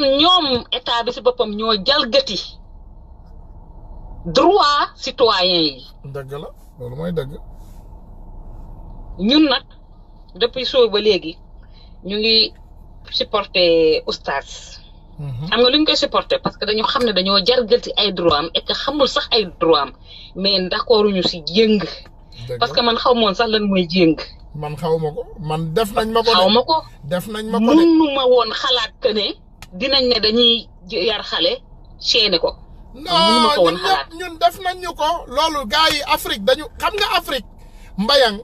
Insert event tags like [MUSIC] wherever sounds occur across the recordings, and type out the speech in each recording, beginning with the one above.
kon ñoom état bi si boppam ñoo jalgati droit citoyen yi. dëgg la loolu mooy dëgg. ñun nag depuis soo ba léegi ñu ngi supporter oustaz. Mhm. xam nga lu ñu koy supporter parce que dañu xam ne dañoo jalgati ay droit am et que xamul sax ay droit am mais d'accord ñu si jëng. parce que man xawmoon sax lan mooy jëng. man xaw ma ko man def nañ ma ko. xaw ma ko def nañ ma ko de. woon xalaat que ne dinañ ne dañuy yar xalé chaîné ko. non ñun def nañ ñu ko lolu gaay Afrique dañu xam nga Afrique mbayang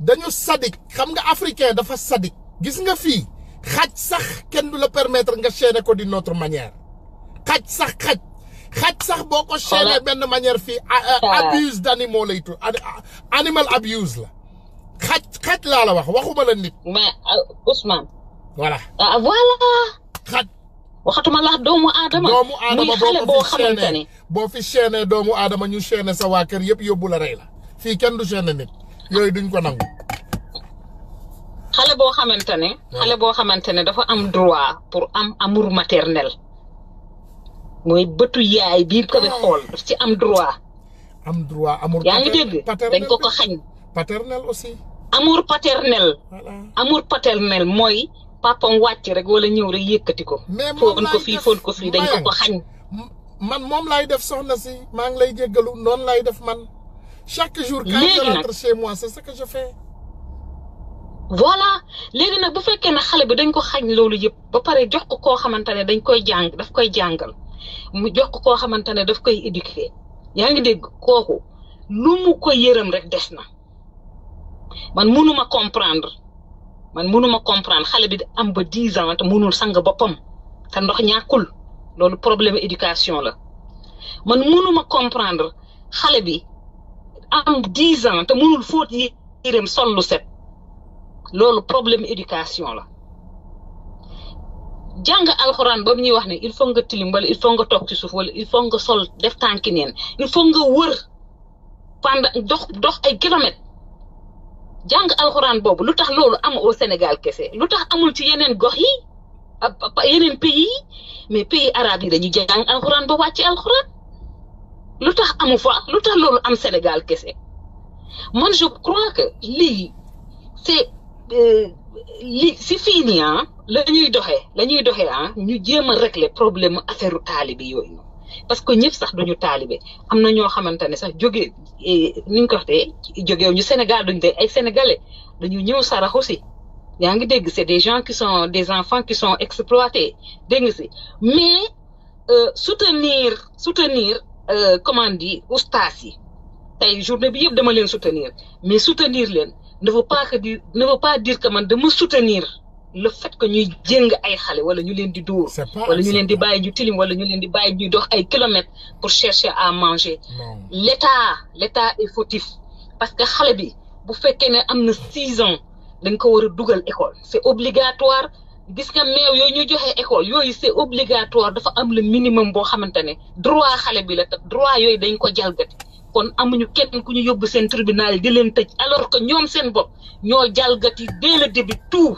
dañu sadik xam nga africain dafa sadik gis nga fi xaj sax kenn du la permettre nga chaîner ko di notre manière xaj sax xaj xaj sax boko ko ben manière fi abuse d'animal lay animal abuse la xaj xaj la la wax waxuma la nit mais euh, Ousmane voilà ah, voilà xaj waxatuma laax doomu aadama doomu aadama xale boo xamante ne fi chaîné doomu aadama ñu chaîné sa waa kër yëpp yóbbu la rey la fii kenn du chaîné nit yooyu duñ ko nangu ya. dafa am droit pour am amour maternel mooy bëtu yaay bi ko di ah. xool ci am droit am droit amour yaa dañ ko ko paternel aussi amour paternel amour paternel papam wàcc rek wala ñëw rek yëkkati ko. foon ko fii foon ko fii dañ ko ko xañ. man moom laay def soxna si maa ngi lay jéggalu noonu laay def man. chaque jour quand je rentre chez moi c'est ce voilà léegi nag bu fekkee ne xale bi dañ ko xañ loolu yëpp ba pare jox ko koo xamante ne dañ koy jàng daf koy jàngal mu jox ko koo xamante ne daf koy éduquer yaa ngi dégg kooku lu mu ko yërëm rek des na man mënuma comprendre. man mënuma comprendre xale bi am ba dix ans te mënul sang boppam te ndox ñàkkul loolu problème éducation la man mënuma comprendre xale bi am dix ans te mënul fóot yéreem sol lu set loolu problème éducation la jàng alxuraan ba mu ñuy wax ne il faut nga tilim wala il faut nga toog ci suuf wala il faut nga sol def tànki neen il faut nga wër pendant dox dox ay kilomètres jàng alxuraan boobu lu tax loolu am au Sénégal kese lu tax amul ci yeneen gox yi yeneen pays yi mais pays arabe yi dañuy jàng alxuraan ba wàcc alxuraan lu tax amu fa lu tax loolu am Sénégal kese man je crois que lii c'est euh, li si fii nii ah la ñuy doxee la ñuy doxee ah ñu jéem a régler problème affaire taalibe yooyu. parce que ñëpp sax duñu taalibe am na ñoo xamante sax jóge e, ni ñu ko waxee jógeew ñu Sénégal duñ de ay sénégalais dañu ñëw sarax aussi yaa ngi dégg c'est des gens qui sont des enfants qui sont exploités dégg nga si mais euh, soutenir soutenir euh, comment dire oustas yi tey journée bi yëpp dama leen soutenir mais soutenir leen ne veut pas que ne veut pas dire que man dama soutenir. le fait ko ñuy jëng ay xale wala ñu leen di dóor wala ñu leen di bàyyi ñu tilim wala ñu leen di bàyyi ñuy dox ay kilomètres pour chercher à manger l'état l'état est fautif parce que xale bi bu fekkee ne am na six ans dañ ko war a dugal école c'est obligatoire gis nga meew yooyu ñu joxe école yooyu c'est obligatoire dafa am le minimum boo xamante ne droit xale bi la te droit yooyu dañ ko jalgati kon amuñu kenn ku ñu yóbbu seen tribunal yi di leen tëj alors que ñoom seen bopp ñoo jalgati dès le début tout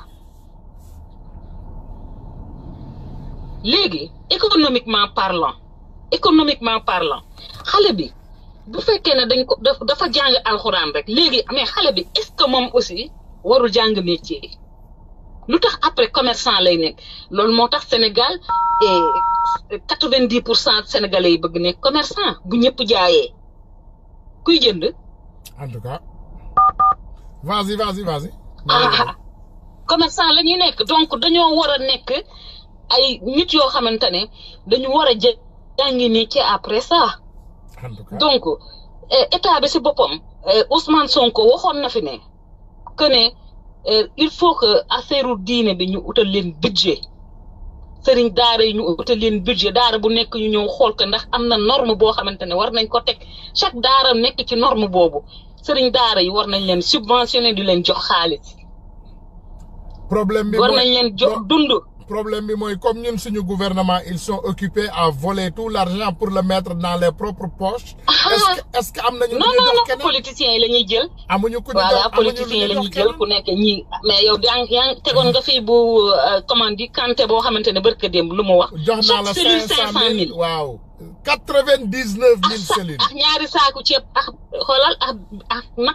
léegi économiquement parlant économiquement parlant xale bi bu fekkee ne dañ ko daf dafa jàng alxuraan rek léegi mais xale bi est-ce que moom aussi warul jàng métier lu tax après commerçant lay nekk loolu moo tax Sénégal et quatre-vingt-dix pour cent sénégalais yi bëgg nekk commerçant bu ñëpp jaayee kuy jënd. en tout cas ah, ah, ah. nekk donc dañoo war a nekk. ay nit yoo xamante ne dañu war a jàngi ni ci après ça donc euh, état bi si boppam euh, Ousmane Sonko waxoon na fi ne que ne euh, il faut que affaire diine bi ñu utal leen budget sëriñ daara yi ñu utal leen budget daara bu nekk ñu ñëw xool ko ndax am na norme boo xamante ne war nañ ko teg chaque daara nekk ci norme boobu seriñ daara yi war nañ leen subventionné di leen jox xaalis problème bi war nañ leen jox dund problème bi mooy comme ñun suñu gouvernement ils sont occupés à voler tout l'argent pour le mettre dans leurs propres poches. Ah, est-ce que est-ce que am non non politiciens qui la ñuy jël. amuñu ku ñu voilà politiciens qui la ñuy jël ku nekk mais yow yaa ngi yaa nga bu euh, commande yi Kanté boo xamante ne barka démb lu wax. jox naa la cinq cent mille waaw. quatre vingt ah, cellules. ah ñaari saaku ceeb ah xoolal ah ah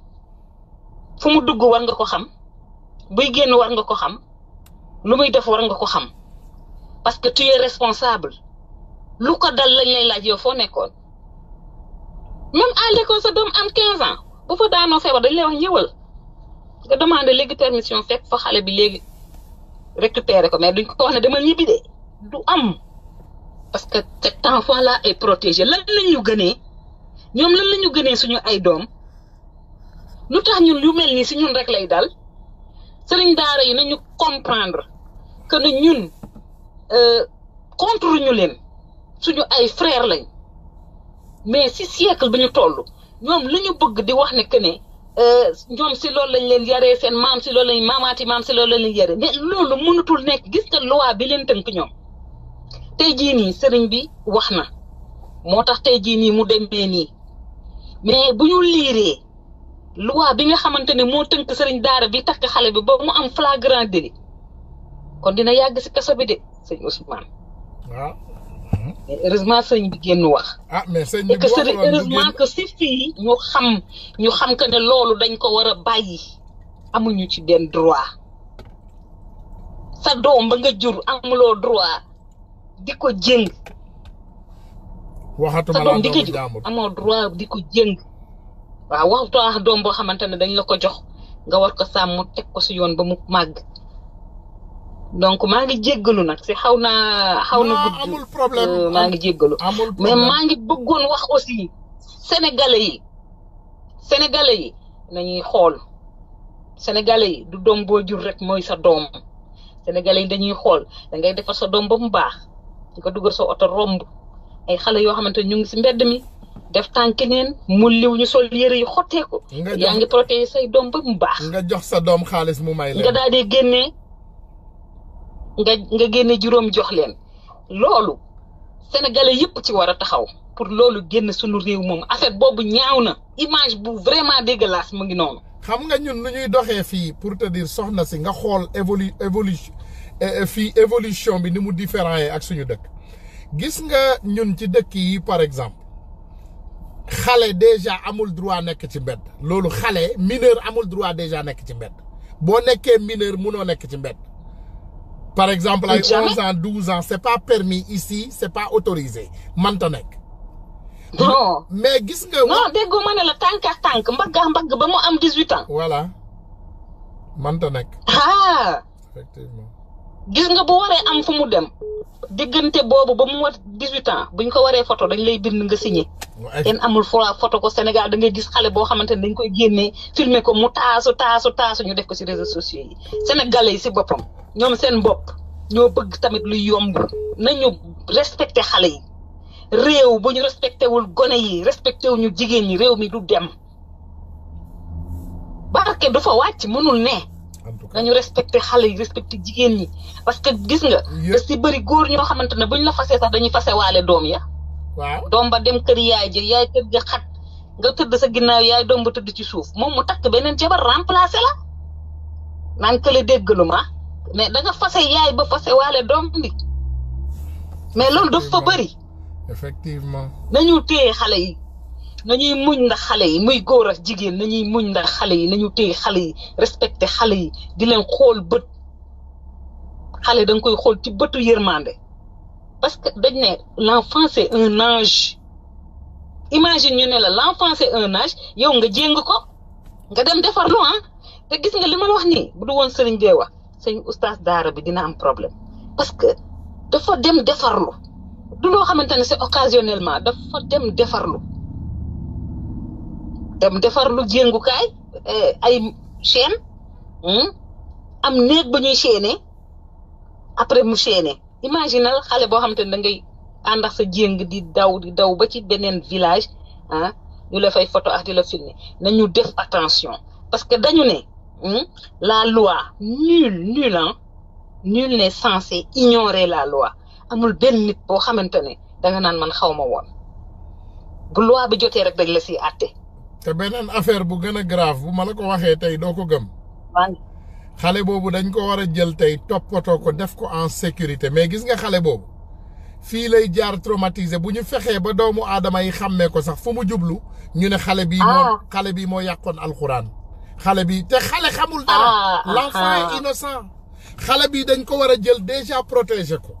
fu mu dugg war nga ko xam buy génn war nga ko xam nu muy def war nga ko xam parce que tu es responsable lu ko dal lañ laaj yow foo nekkoon man à l'école sa doom am 15 ans bu fa daanoo feebar dañ lay wax ñëwal nga demandé léegi permission fekk fa xale bi léegi récupérer ko mais duñ ko wax ne demal ñibbi de du am parce que cet enfant là est protégé lan la ñu ñoom lan la ñu gënee suñu ay doom. lu tax ñun lu mel nii si ñun rek lay dal sëriñ daara yi nañu comprendre que ne ñun euh, contre ñu leen suñu ay frère lañ mais si siècle bi ñu toll ñoom lu ñu bëgg di wax ne que ne euh, ñom si loolu lañ leen yaré seen maam si loolu lañ maamaati maam si loolu lañ leen mais loolu mënutul nekk gis nga loi bi leen teunk ñom tay ji ni sëriñ bi waxna na tay ji ni mu dembe ni mais buñu loi bi nga xamantene mo teunk tënk sëriñ daara bi tak xale bi ba mu am flagrant délit kon dina yag ci kasso bi de sëñ Ousmane. waaw. heureusement sëñ bi génn wax. ah mais sëñ bi wax heureusement que ci fi ñu xam ñu xam que ne lolu dañ ko wara bayyi amuñu ci benn droit sa doom ba nga jur am lo droit diko jeng jëng. waxatuma la do jaamur sa droit diko jeng waaw warut a doom boo xamante ne dañ la ko jox nga war ko sàmm teg ko si yoon ba mu màgg donc maa ngi jéggalu nag si xaw naa xaw na gudd amul problème euh, maa ngi jéggalu mais maa ngi bëggoon wax aussi sénégale yi sénégale yi nañuy xool sénégalais yi du doom boo jur rek mooy sa doom sénégalais yi dañuy xool dangay defar sa doom ba mu baax nga dugal sa oto romb ay xale yoo xamante ñu ngi si mbedd mi def tànk nen mulliw ñu sol yere yu xotte ko ya nga protéger say dom ba mu baax. nga jox sa dom xaaliss mu may leen. nga daal di génne nga nga génne juróom jox leen lolu sénégalais yépp ci wara taxaw pour lolu génn suñu réew mom affaire bobu ñaawna image bu vraiment dégueulasse mu ngi non xam nga ñun nu ñuy doxé fi pour te dire soxna si nga xol évolu évolution eh, fi évolution bi ni mu différent ak suñu dëkk gis nga ñun ci dëkk yi par exemple. xalé déjà amul droit nek ci mbéd lolu xalé mineur amul droit déjà nek ci Si bo êtes mineur mëno nek ci mbéd par exemple à 11 ans 12 ans c'est pas permis ici c'est pas autorisé man ta nek non mais gis nga non dégo mané la tank tank mbag mbag ba mo am 18 ans voilà man ta nek ah effectivement gis nga bu waree am fu mu dem diggante boobu ba mu war 18 bu ñu ko waree photo dañ lay bind nga signé. kenn amul fura photo ko Sénégal da ngay gis xale boo xamante ne dañ koy génnee filmer ko mu taasu taasu taasu ñu def ko ci réseaux sociaux yi. Sénégalais yi ci boppam ñoom seen bopp ñoo bëgg tamit lu yomb nañu respecté xale yi réew bu ñu respecté wul gone yi respecté wu ñu jigéen ñi réew mi du dem barke dafa fa wàcc mënul ne. na ñu respecté xale yi respecté jigéen ñi parce que gis nga. da si bëri góor ñoo xamante ne buñ la fasee sax dañuy fase waale doom ya. waaw doom ba dem kër yaay ji yaay kër ga xat nga tëdd sa ginnaaw yaay doom ba tëdd ci suuf moom mu takk beneen ci jabar remplacé la nan kële déggalu ma mais da nga fase yaay ba fase waale doom bi mais loolu dafa bëri. effectivement nañu téye xale yi. nañuy muñ ndax xale yi muy góor ak jigéen nañuy muñ ndax xale yi nañu téye xale yi respecté xale yi di leen xool bët xale da nga koy xool ci bëtu yërmande parce que dañ ne l'enfant c'est un ange imagine ñu ne la l'enfant c'est un ange yow nga jéng ko nga dem defarlu ah te gis nga li ma wax ni bu du woon sëriñ bee wax sëñ oustaz daara bi dina am problème parce que dafa dem defarlu du loo xamante ne c'est occasionnellement dafa dem defarlu dem defar lu jéngukaay eh, ay chaîne hmm? am néeg ba ñuy chaîner après mu chaîner imaginal xale boo xam te da ngay ànd ak sa jéng di daw di daw ba ci beneen village ah ñu la fay photo ak di la filmer nañu def attention parce que dañu ne hmm, la loi nul nul hein, nul n'est censé ignorer la loi amul benn nit boo xamante ne nga naan man xaw ma woon bu loi bi jotee rek dañ la siy àtte te beneen affaire bu gën a grave bu ma la ko waxee tey doo ko gëm. xale boobu dañ ko war a jël tey toppatoo ko def ko en sécurité mais gis nga xale boobu fii lay jaar traumatisé bu ñu fexee ba doomu aadama yi xàmmee ko sax fu mu jublu ñu ne xale bii moo ah. xale bii moo yàqoon alxuraan xale bi te xale xamul dara ah, ah, l'enfant est innocent xale bii dañ ko war a jël déjà protégé ko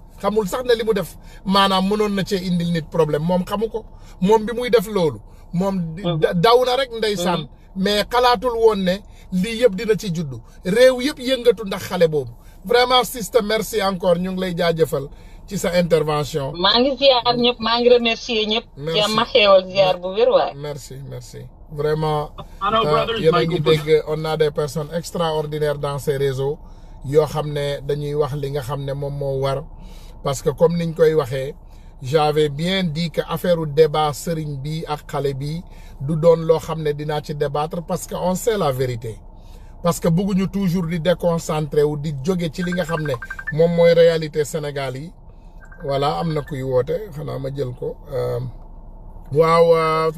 xamul sax ne li mu def maanaam mënoon na cee indil nit problème moom xamu ko moom bi muy def loolu. moom ah. daw na rek ndeysaan. Ah. mais xalaatul woon ne lii yëpp dina ci juddu réew yëpp yëngatu ndax xale boobu vraiment sister merci encore ñu ngi lay jaajëfal ci sa intervention. maa ngi ngi remercier ñëpp. merci jàmm ma merci vraiment. Euh, yéen a ngi dégg on a des personnes extraordinaire dans ces réseaux yoo xam ne dañuy wax li nga xam ne moom moo war. parce que comme niñ koy j'avais bien dit que affaire débat Serigne bi ak xale bi du doon loo xam débattre parce que sait la vérité parce que nous toujours di déconcentré ou di jóge ci li nga xam réalité Sénégal voilà jël ko euh, euh,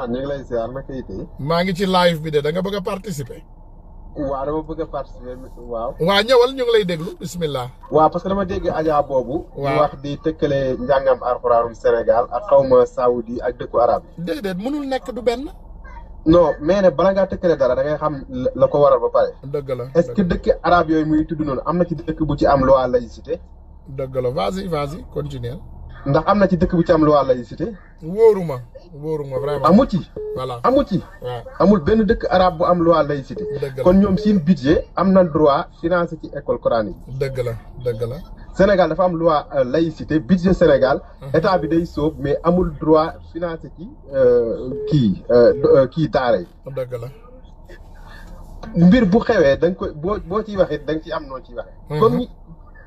Ousmane live de participer. waaw dama bëgg a participer waaw. waa ñëwal ñu ngi lay déglu bismillah. waa parce que dama dégg Adja boobu. waaw wax di tëkkale njàngam alxuraanum Sénégal ak xawma saoudi ak dëkku arab yi. déedéet mënul nekk du benn. non mais ne bala ngaa tëkkale dara da ngay xam la ko waral ba pare. dëgg la est-ce que dëkk arab yooyu muy tudd noonu am na ci dëkk bu ci am loi laïcité. dëgg la vas-y vas ndax am na ci dëkk bu ci am loi laïcité. wóoruma. wóoruma vraiment amu ci. voilà amu ci. amul benn dëkk arabe bu am loi laïcité. kon ñoom seen budget am na droit financé ci école coranique. dëgg la dëgg la. Sénégal dafa am loi euh, laïcité budget Sénégal. Ah. état bi day soog mais amul droit financé ci euh, kii euh, kii daara yi. la. mbir bu xewee da ko koy boo boo ciy waxee da nga ciy am noo ci waxee. Mm-hmm. comme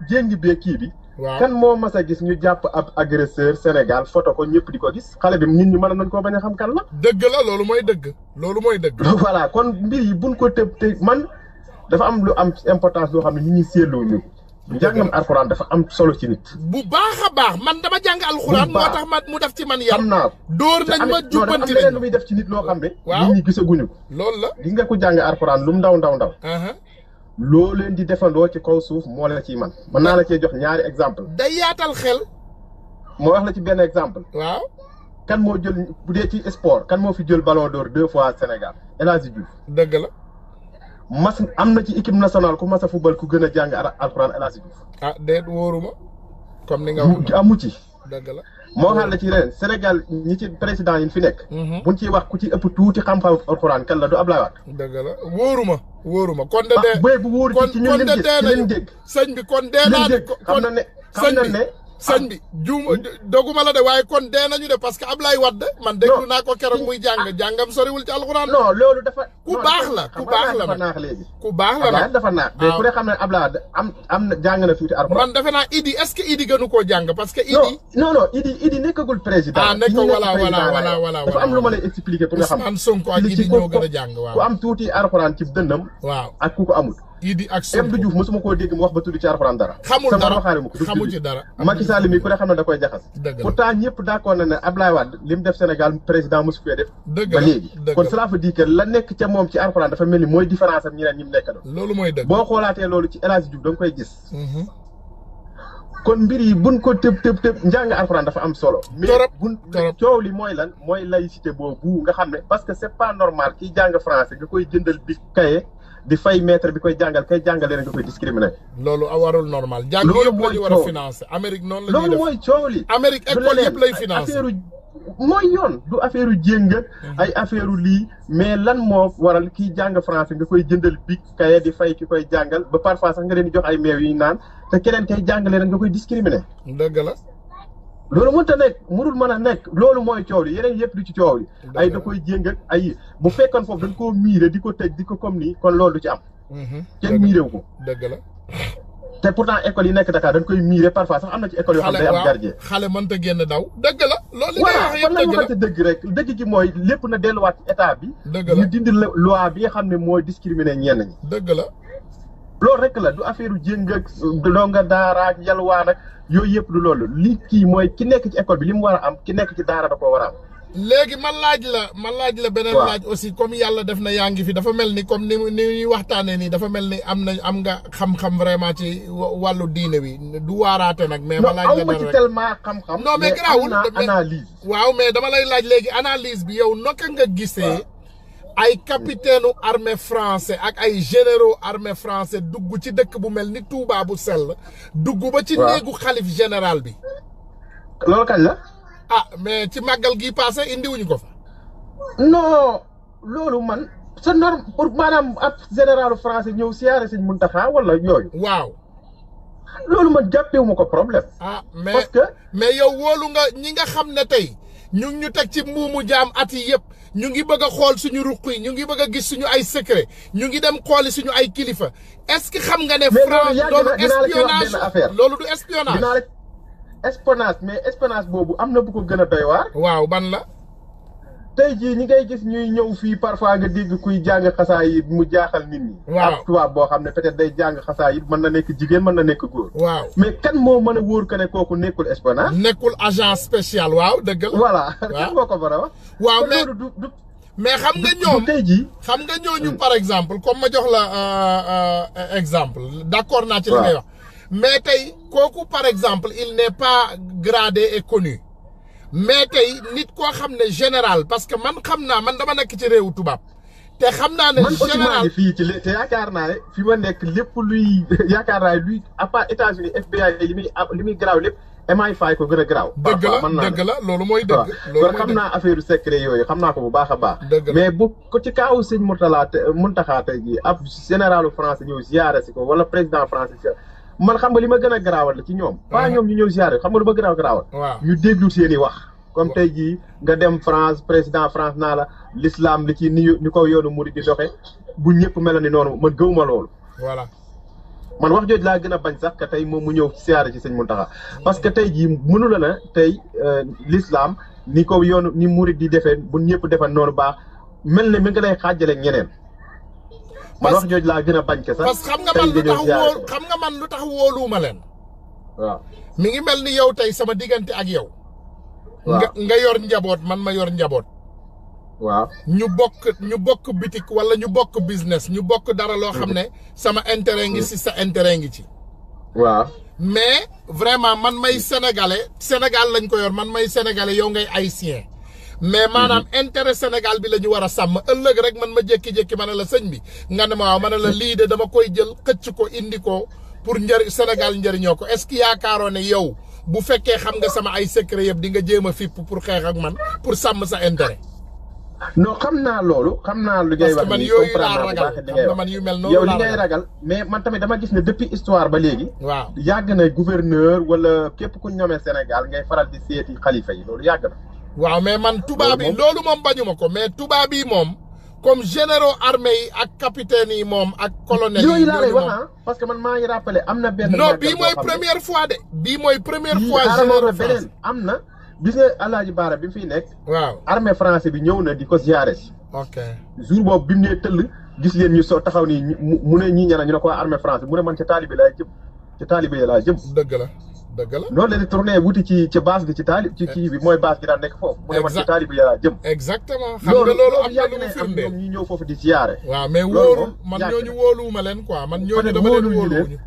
jéngi bee kii bi. waaw kan moo mas a gis ñu jàpp ab agresseur Sénégal foto ko ñëpp di ko gis xale bi nit ñi a nañ koo bañ a xam kan la. dëgg la loolu mooy dëgg. loolu mooy dëgg. [LAUGHS] voilà kon mbir yi buñ ko tëb te man dafa am lu am importance loo xam ne nit ñi seetloo ñu. njàngam alxuraan dafa am solo ci nit. bu baax a baax man dama jàng alxuraan. moo tax mu def ci man yar. am naa dóor nañ ma jubbanti nañ am lu muy def ci nit loo xam ne. waaw nit ñi gisaguñu ko. loolu la di nga ko jàng alxuraan lu mu ndaw ndaw ndaw. loo leen di defandoo ci kaw suuf moo la ciy man mën naa la cee jox ñaari exemple day yaatal xel. moo wax la ci benn exemple. waaw kan moo jël bu dee ci sport kan moo fi jël baloo door deux fois Sénégal El Hadji Diouf. dëgg la. mas am na ci équipe nationale ku mas a football ku gën a jàng alxuraan El Hadji Diouf. ah déet wóoruma comme ni nga wax amu ci dëgg la. moo xam la ci ren Sénégal ñi ci président yi fi nekk. Mhm. buñ ciy wax ku ci ëpp tuuti xam-xam alxuraan kan la du Ablaye Wade. dëgg la wóoruma wóoruma kon de. ah bu wóor ci ñun lim dégg kon kon de sëñ bi kon dee naa ne. xam na ne xam ne. sëñ bi juuma ah. doguma la de waaye kon dee nañu de parce que Ablaye Wade man déglu naa ko keroog muy jàng ah. jàngam soriwul ci alxuraan. non loolu dafa. ku la ku baax la nag ku baax dafa naax léegi. Ah. ku ne xam ne Ablaye Wade am am na jàng na tuuti alxuraan. man defe naa Idi est-ce que Idi gënu koo jàng parce que. Idi non non Idi Idi nekkagul président. ah nekk dafa am lu ma lay expliquer pour nga xam. Ousmane Sonko ak Idi ñoo gën a jàng waaw. ku am tuuti alxuraan ci dënnam. waaw ak ku ko amul. Idi ak Sonko Abdou Diouf mosuma koo dégg mu wax ba tudd ci alxuraan dara. xamul dara xamul ci dara Macky Sall mi ku xam ne da koy jaxas. dëgg la pourtant ñëpp d'accord na ne nekk moom ci alxuraan dafa mooy différence am ñeneen ñi mu nekk doon. koy gis. Mm-hmm. kon mbir yi buñ ko tëb tëb tëb njàng alxuraan dafa am solo. torop mais coow li mooy lan mooy laïcité boobu nga xam ne. parce que c'est pas normal kiy jàng français nga koy jëndal bi kaye di fay maître bi koy jàngal koy jàngale rek nga koy discriminer. loolu warul normal. loolu mooy coow jàng yëpp la la ñuy def loolu mooy coow li. Amérique école yëpp lay financer mooy yoon du affaire u jéng mhm. ay affaire u lii mais lan moo waral kiy jàng français nga koy jëndal big kaye di fay ki koy jàngal ba parfois sax nga leen di jox ay meew yi naan te keneen kay jàngale rek nga koy discriminer. dëgg la. loolu mënut a nekk mënul mën a nekk loolu mooy coow li yeneen yëpp du ci coow li ay da koy jéng ak ay bu fekkoon foofu dañ koo miire di ko tëj di ko comme nii kon loolu du ci am mhm. kenn miiréwu ko dëgg la te pourtant école yi nekk Dakar dañ koy miire parfois sax am na ci école yoo xam ne day am gardien xale mënta génn daw dëgg la loolu voilà kon nañu waxante dëgg rek dëgg ji mooy lépp na delluwaat ci état bi ñu dindi loi bi nga xam ne mooy discriminer ñeen ñi dëgg la loolu rek la du affaire jéng ak donga daara ak yalwaan ak yooyu yëpp lu loolu li kii mooy ki nekk ci école bi li mu war a am ki nekk ci daara da koo war a am. léegi ma laaj la ma laaj la beneen laaj aussi comme yàlla def na yaa ngi fi dafa mel ni comme ni ni ñuy waxtaanee nii dafa mel ni am na am nga xam-xam vraiment ci wàllu diine bi du waaraate nag. mais ma laaj la dara rek tellement xam-xam. non mais garaawul analyse. waaw mais dama lay laaj léegi analyse bi yow naka nga gisee. ay capitaine armée francais ak ay généraux armée français dugg ci dëkk bu mel ni Touba bu sell. dugg ba ci néegu xalif général bi. loolu kañ la. ah mais ci màggal gi passé indiwuñu ko fa. non loolu man sa norme pour maanaam ab général français ñëw siyaare Sëñ Muntaxa wala yooyu. waaw. loolu man jàppewuma ko problème. ah mais parce que mais yow woolu nga ñi nga xam ne tey. ñu ñu teg ci muumu jaam at yi yëpp ñu ngi bëgg a xool suñu ruq yi ñu ngi bëgg a gis suñu ay secret ñu ngi dem xooli suñu ay kilifa est-ce que xam nga ne. France loolu espionnage loolu du espionnage. dinaa la espionnage mais espionnage boobu am na bu ko gën a doy waar. waaw ban la. tay jii ñi ngay gis ñuy ñëw parfois nga dégg kuy jàng xasa yi mu jaaxal nit ñi. waaw ne peut-être day yi na na mais kan moo mën a que ne kooku nekkul agent spécial waaw voilà mais mais par exemple comme ma jox la euh, euh, exemple d'accord naa mais tey par exemple il n'est pas gradé et connu. mais tey nit koo xam ne général parce que man xam naa man dama nekk ci réewu tubaab te xam naa ne général fii ci te yaakaar naa fi ma nekk lépp luy [LAUGHS] yaakaar naa luy à part États-Unis FBI li muy li garaaw lépp MI5 ko gën a garaaw dëgg la dëgg la loolu mooy dëgg loolu xam naa affaire secret yooyu xam naa ko bu baax a baax mais bu ko ci kaaw sëñ Mourtala Muntaxa tey ji ab généralu français ñëw ziyaare si ko wala président français man xam nga li ma gën a garaawal ci ñoom. pas ñoom ñu ñëw ziare xam nga lu ma gën a garaawal. waaw ñu déglu seen i wax. comme tey jii nga dem France président France naa la lislaam li ci ni ñu ko yoonu murid di doxe bu ñëpp mel ni noonu man gëwuma loolu. voilà man wax jooju laa gën a bañ sax tey moom mu ñëw siyaare ci sëñ Mountakha parce que tey jii mënu na tey euh, l'islam ni ko yoonu ni murid di defee bu ñëpp defee noonu baax mel na mi nga lay xaajale ñeneen. man wax laa gën a bañ sax xam nga man lu tax wóolu xam nga man lu tax wóoluwuma leen. waaw mi ngi mel ni yow tey sama diggante ak yow. nga nga yor njaboot man ma yor njaboot. waaw ñu bokk ñu bokk bitik wala ñu bokk business ñu bokk dara loo xam ne mm-hmm. sama intérêt ngi ci sa intérêt ngi ci. waaw mais vraiment man may sénégalais Sénégal lañ ko yor man may sénégalais yow ngay ay haïtien. mais mhm. maanaam intérêt Sénégal bi la ñu war sàmm ëllëg rek man ma jékki-jékki man ne la sëñ bi nga ne ma waaw ma ne la lii de dama koy jël xëcc ko indi ko pour njëriñ Sénégal njëriñoo ko est-ce que yaakaaroo ne yow bu fekkee xam nga sama ay secret yëpp di nga jéem a pour xeex ak man pour sàmm sa intérêt. noo xam naa loolu xam naa lu ngay wax ni comprendre naa bu man yu mel noonu yow li ngay ragal mais man tamit dama gis ne depuis histoire ba léegi waaw yàgg na gouverneur wala képp ku ñoome Sénégal ngay faral di seeti xalifa loolu yàgg waaw mais man tubaab yi loolu moom bañu ma ko mais tubaab yi moom comme généraux armée ak capitaine yi moom ak colonel yi laa wax parce que man maa ngi rappelé am na benn non bii mooy première fois de bii mooy première fois généraux am na gis nga Alaaji bi mu fiy nekk waaw armée français bi ñëw na di ko ziare si ok jour boobu bi mu nee tëll gis yen ñu soo taxaw nii mu ne ñii ñana ñu ne ko armée français mu ne man ca taalibe laa jëm ca taalibe laa jëm dëgg la dëgg la loolu la di tourné wuti ci ci base bi ci taalib ci kii bi mooy base bi daan nekk foofu. mu ne man ci taalib yàlla jëm. exactement xam nga loolu am na lu mu firndeel loolu ñoom ñi ñëw foofu di siyaare. waaw mais wóolu man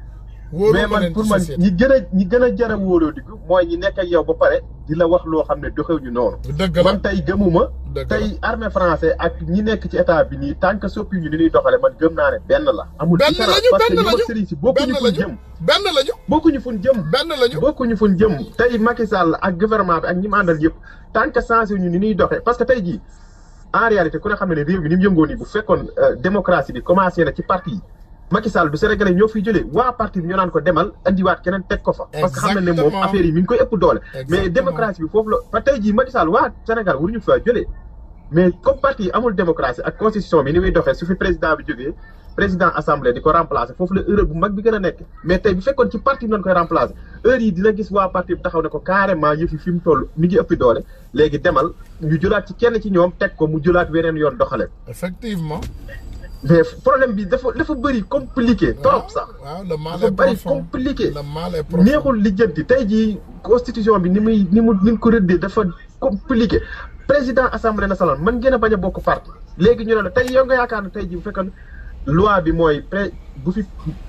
mais man pour man ñi gën a ñi gën a jar a wóoloo diggu mooy ñi nekk yow ba pare di la wax loo xam ne doxew ñu noonu man tey gëmuma tey armée français ak ñi nekk ci état bi nii tànk que soppi ñu ni ñuy doxale man gëm naa ne benn la amul différence parce que ñu ma sëriñ si bokkuñu fuñ jëm benn lañu bokkuñu fuñ jëm benn bokkuñu fuñ jëm tey Macky Sall ak gouvernement bi ak ñi mu àndal yëpp tant que sensé ñu ni ñuy doxee parce que tey jii en réalité ku ne xam ne ne réew mi ni mu yëngoo nii bu fekkoon euh, démocratie bi commencé na ci parti yi Macky Sall du Sénégalais ñoo fiy jëlee waa parti ñu nan ko démal demal waat keneen tek ko fa. parce que xamné na ne affaire yi mi ngi koy ëpp doole. mais démocratie bi fofu la tay ji jii Macky Sall waa Sénégal waruñu faa jëlee. mais comme parti amul démocratie ak constitution bi ni muy doxee su fi président bi jógee président assemblée diko remplacer fofu le erreur bu mag bi gëna nekk. mais tay bu fekkon ci parti ñu koy remplacer heure yi dina gis wa parti taxaw ne ko carrément yëf yi fi mu toll mi ngi ëppi doole léegi demal ñu jëlaat ci kenn ci ñoom teg ko mu jëlaat weneen yoon doxale effectivement mais problème bi dafa dafa bëri compliqué trop sax dafa bëri compliqué neexul lijjanti tey jii constitution bi ni muy ni mu ni ko rëddee dafa compliqué président assemblée nationale man ngeen a bañ a bokk parti léegi ñu ne la tey yow nga yaakaar ne tey jii bu fekkoon loi bi mooy pré bu fi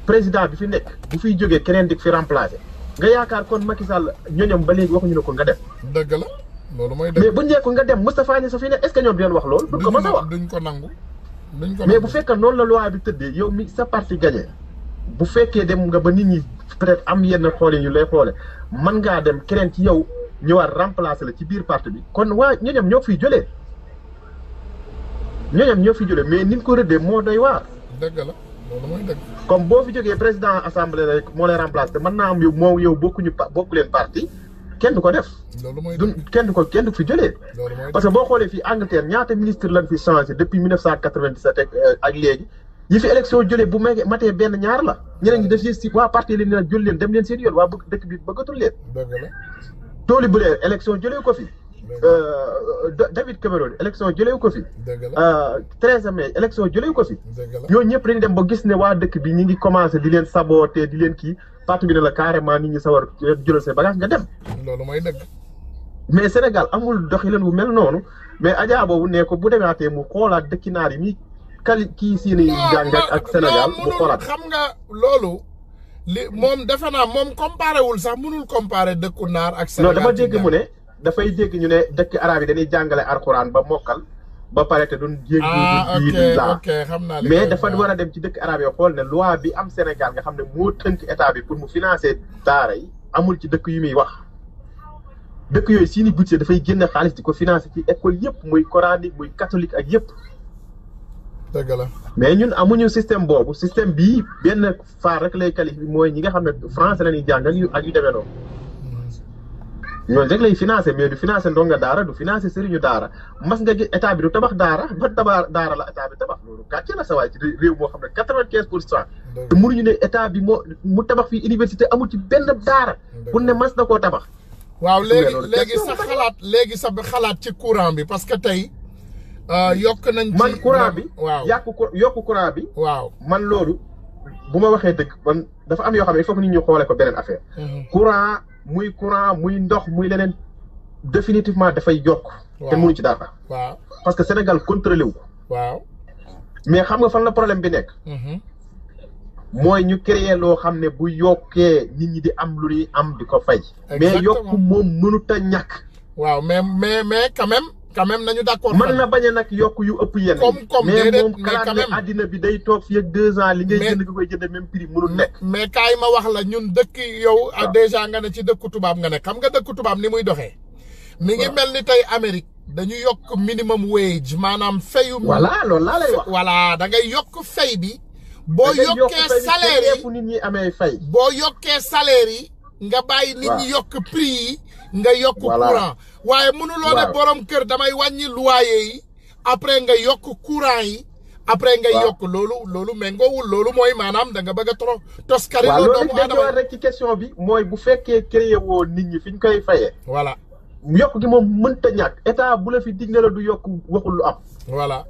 président bi fi nekk bu fiy jógee keneen di fi remplacer nga yaakaar kon Macky Sall ñoñom ba léegi waxuñu ne ko nga dem dëgg la loolu mooy dëgg mais bu ñu nga dem Moustapha Niasse fi ne est ce que ñoom di wax loolu duñ ko mën a wax duñ ko nangu mais bu que non la loi bi de yow mi sa parti gagné vous faites dem nga ba nit ñi peut-être am yenn xolé ñu lay dem keneen ci yow remplacer la ci biir parti bi kon ñoo jëlé ñoo mais ni ko pas mo doy dëgg la comme vous fi président assemblée rek mo lay remplacer man na am yow parti kenn du ko def. du kenn du ko kenn du fi jëlee. parce que boo xoolee fi Angleterre ñaata ministre lañ fi changé depuis 1997 euh, ak léegi. yi fi élection jëlee bu mege matee benn ñaar la ñeneen ñi def si waa parti leen leen dem leen seen yoon waa bëgg dëkk bi bëggatul leen. dëgg la toolu élection jëlee ko fi. Euh, euh, David Cameron élection jëlee ko fi. Euh, Theresa May élection jëlee ko fi. ñoo ñëpp dañu dem ba gis ne waa dëkk bi ñu ngi commencé di leen saboté di leen kii parti bi ne la carrément nit ñi sawar eh, jëlal seen bagage nga dem. loolu mooy dëgg. mais Sénégal amul doxalin bu mel noonu mais Adja boobu ne ko bu demaatee mu xoolaat dëkki naar yi muy kali kii seeni jàngat ak Sénégal mu xoolaat. xam nga loolu. li moom defe naa moom comparé wul sax mënul comparé dëkku naar ak. Sénégal non dama dégg mu ne. dafay dégg ñu ne dëkk arab yi dañuy jàngale alxuraan ba mokkal ba pare te duñ jéeg ah, duñ ji mais dafa war a dem ci dëkk arab yi xool ne loi bi am Sénégal nga xam ne moo tënk état bi pour mu financer daara yi amul ci dëkk yu muy wax dëkk yooyu seeni budget dafay génn xaalis di ko financer ci école yëpp muy coranique muy catholique ak yëpp dëgg la mais ñun amuñu système boobu système bii benn faar rek lay qualifié mooy ñi nga xam ne france la ñuy jàngal yu ak yu demee noonu ñooñu rek lay financé mais du financé ndonga daara du financé sëriñu daara mas nga gis bi du tabax daara ba tabax la état bi tabax la sa waay ci réew moo xam ne quatre-vingt-quinze pour cent te mënuñu ne état bi moo mu tabax fii université amul ci benn daara bu ne mas na koo tabax waaw léegi léegi sa xalaat léegi sa xalaat ci courant bi parce que tey euh, hmm. yokk nañ man courant bi waaw yàqu yokk courant bi waaw man loolu bu ma waxee dëkk man dafa am yoo xam ne il faut que nit ñu xoole ko beneen affaire hmm. courant muy courant muy ndox muy leneen définitivement dafay yokk. te mënu ci dara. waaw parce que Sénégal contrôlé wu ko. waaw mais xam nga fan la problème bi nekk. Mm-hmm. mooy ñu créer loo xam ne bu yokkee nit ñi di am lu ñuy am di ko fay. mais yokk moom mënut a waaw mais mais mais quand même. quand même nañu d'accord mën na yu ëpp comme comme mais moom xalaat bi day ak ans li ngay jënd koy même prix mais ma wax la ñun dëkk yow ah. Ah, déjà nga ne ci dëkk tubaab nga ne xam nga dëkk tubaab ni muy doxee mi ngi mel ni tey Amérique dañu yokk minimum wage maanaam fayu voilà lay wax voilà da ngay yokk fay bi boo yokkee salaire yi boo yokkee salaire yi nga bàyyi nit ñi yokk prix yi nga yokk courant munu lo ne borom keur damay wàññi loyer yi après nga yokk courant yi après nga lolu lolu mengo wul lolu moy manam da nga bëgg trop toskari do doomu aadama rek ci question bi moy bu fekke créé wo nit ñi fiñ koy fayé voilà yokk gi mën ta ñak état bu la fi digné la du yokk waxul lu am voilà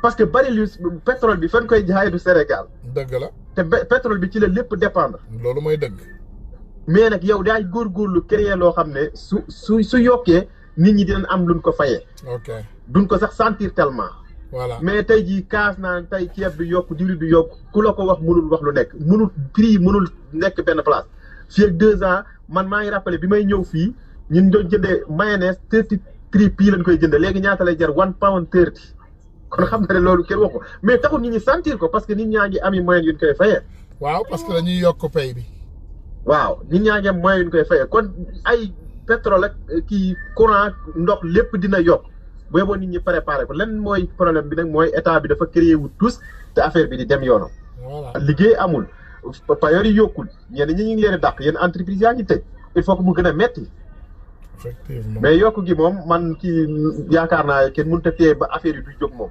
parce que lu pétrole bi fan koy jaay du Sénégal deug la te pétrole bi ci la lepp dépendre lolu moy deug mais nag yow daay góorgóorlu créer loo xam ne su su su yokkee nit ñi dinañ am luñ ko fayee. ok duñ ko sax sentir tellement. voilà mais tey jii kaas naan tey ceeb du yokk diwlin du yokk ku la ko wax mënul wax lu nekk mënul prix mënul nekk benn place fii ak deux ans man maa ngi rappelé bi may ñëw fii ñun doon jëndee mayonnaise thirty three pii lañ koy jëndee léegi ñaata lay jar one pound thirty kon xam nga ne loolu kenn wax ko mais taxul ñu ñi sentir ko parce que nit ñaa ngi am i moyen koy fayee. waaw parce que dañuy yokk bi. waaw nit ñaa ngi moyen ñu koy fayee kon ay pétrole ak eh, kii courant ndox lépp dina yokk booy boo nit ñi préparé ko lan mooy problème bi nag mooy état bi dafa créé wu tous te affaire bi di dem yoonam. liggéey amul payeur yi yokkul ñeen ñi ñu ngi leen a dàq yenn entreprise yaa ngi teg il faut mu gën a metti mais yokk gi moom man ki yaakaar naa kenn mun a téye ba affaire yi du jóg moom.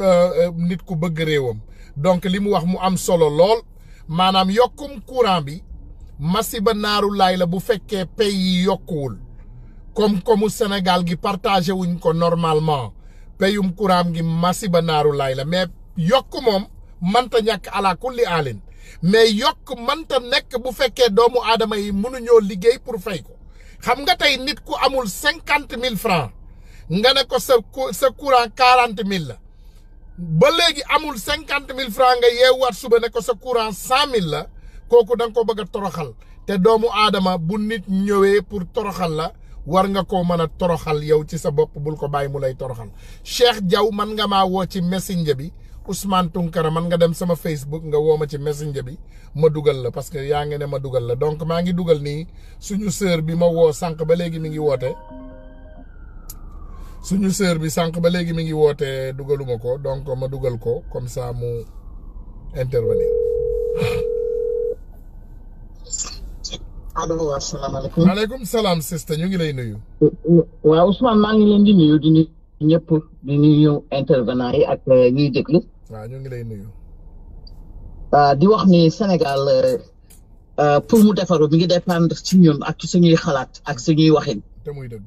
Euh, euh, nit ku bëgg réewam donc li mu wax mu am solo lool maanaam yokkum courant bi masiba naaru laay la bu fekkee pays yi yokkuwul koom-koomu Sénégal gi partagé wuñ ko normalement payum courant gi masiba naaru laay la mais yokk moom mënta ñàkk ala kulli alin mais yokk mënta nekk bu fekkee doomu aadama yi mënuñoo liggéey pour fay ko xam nga tey nit ku amul cinquante mille francs nga ne ko sa sa courant quarante mille la ba léegi amul cinquante mille franc nga yeewaat suba ne ko sa courant cent mille la kooku danga ko bëgg a toroxal te doomu aadama bu nit ñëwee pour toroxal la war nga ko mën a toroxal yow ci sa bopp bul ko bàyyi mu lay toroxal Cheikh Diaw man nga maa woo ci messenger bi Ousmane Tounkara man nga dem sama Facebook nga woo ma ci messenger bi ma dugal la parce que yaa ngi ne ma dugal la donc maa ngi dugal nii suñu sœur bi ma woo sànq ba léegi mi ngi woote suñu sœur bi sank ba légui mi ngi woté dugaluma ko donc ma dugal ko comme ça mu intervenir allo asalaamaaleykum maaleykum salaam sista ñu ngi lay nuyu wa Ousmane ma ngi leen di nuyu di nuyu ñëpp di nuyu intervenant yi ak euh, ñuy déglu wa ñu ngi lay nuyu ah di wax ni Sénégal euh, pour mu défaro mi ngi dépendre ci ñun ak ci suñuy xalaat ak suñuy waxine te muy dëgg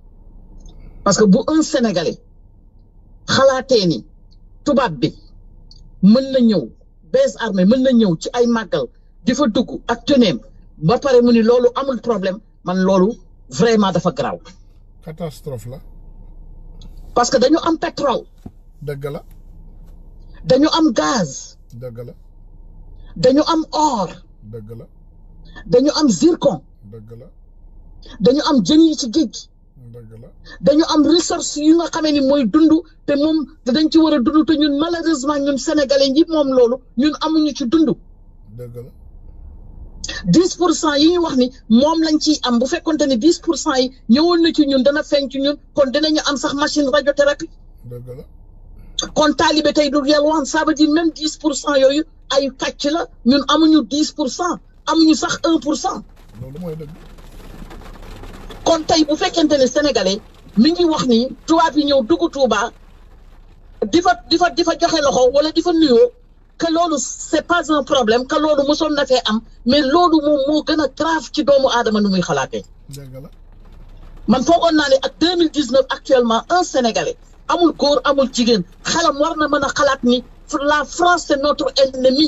parce que bu un sénégalais xalaatee ni tubaab bi mën na ñëw bees armée mën na ñëw ci ay màggal di fa dugg ak teneem ba pare mu ni loolu amul problème man loolu vraiment dafa garaaw. catastrophe la. parce que dañu am pétrole. dëgg la. dañu am gaas dëgg la. dañu am or. dëgg la. dañu am zircon. dëgg la. dañu am jën yi ci géej dañu am ressource yi nga xamee ni mooy dund te moom te dañ ci war a dund te ñun malheureusement ñun sénégalais yi moom loolu ñun amuñu ci dund. dëgg la. dix pour cent yi ñu wax ni moom lañ ci am bu fekkonte ni dix pour cent yi ñëwoon na ci ñun dana feeñ ci ñun kon dinañu am sax machine radiothérapie. dëgg la. kon taalibe tey du yalwaan ça veut dire même dix pour cent yooyu ay kàcc la ñun amuñu dix pour cent amuñu sax un pour cent. mooy dëgg. kon bu fekkente sénégalais mi ngi wax ni tubaab yi ñëw dugg Touba di fa di joxe loxo wala que pas un problème que loolu mosoon na am mais loolu moom moo gën a grave ci doomu aadama nu muy man foogoon naa ak 2019 actuellement un sénégalais amul góor amul jigéen na ni la France est notre ennemi.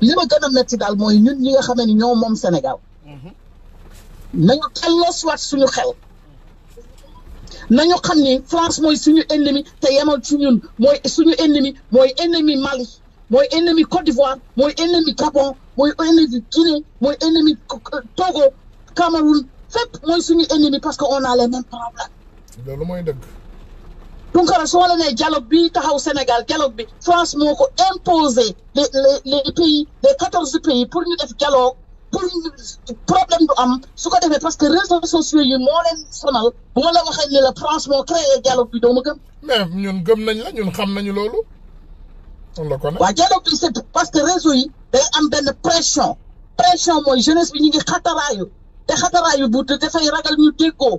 li ma gën a métti daal ñun ñi nga xam ne ñoo mom Sénégal mhm. nañu delloosiwaat suñu xel nañu xam France moy suñu ennemi te yamal ci ñun mooy suñu ennemi moy ennemi Mali moy ennemi Côte d'Ivoire moy ennemi Gabon moy ennemi Guinée moy ennemi Togo Cameroun fépp moy suñu ennemi parce que on a les mêmes problèmes. lolu moy deug Tounkara su so la nee dialogue bi taxaw Sénégal dialogue bi France moko imposer les les les pays les quatorze pays pour ñu def dialogue pour problème du am su ko defee parce que réseaux sociaux yi mo len sonal bu ma la waxé ni la France mo créé dialogue bi doo ma gëm. mais ñun gëm nañ la ñun xam nañ lolu on la connaît wa dialogue bi c'est parce que réseaux yi day am ben pression pression mooy jeunesse bi ñi ngi xataraayu te xataraayu bu dafay ragal ñu déggoo.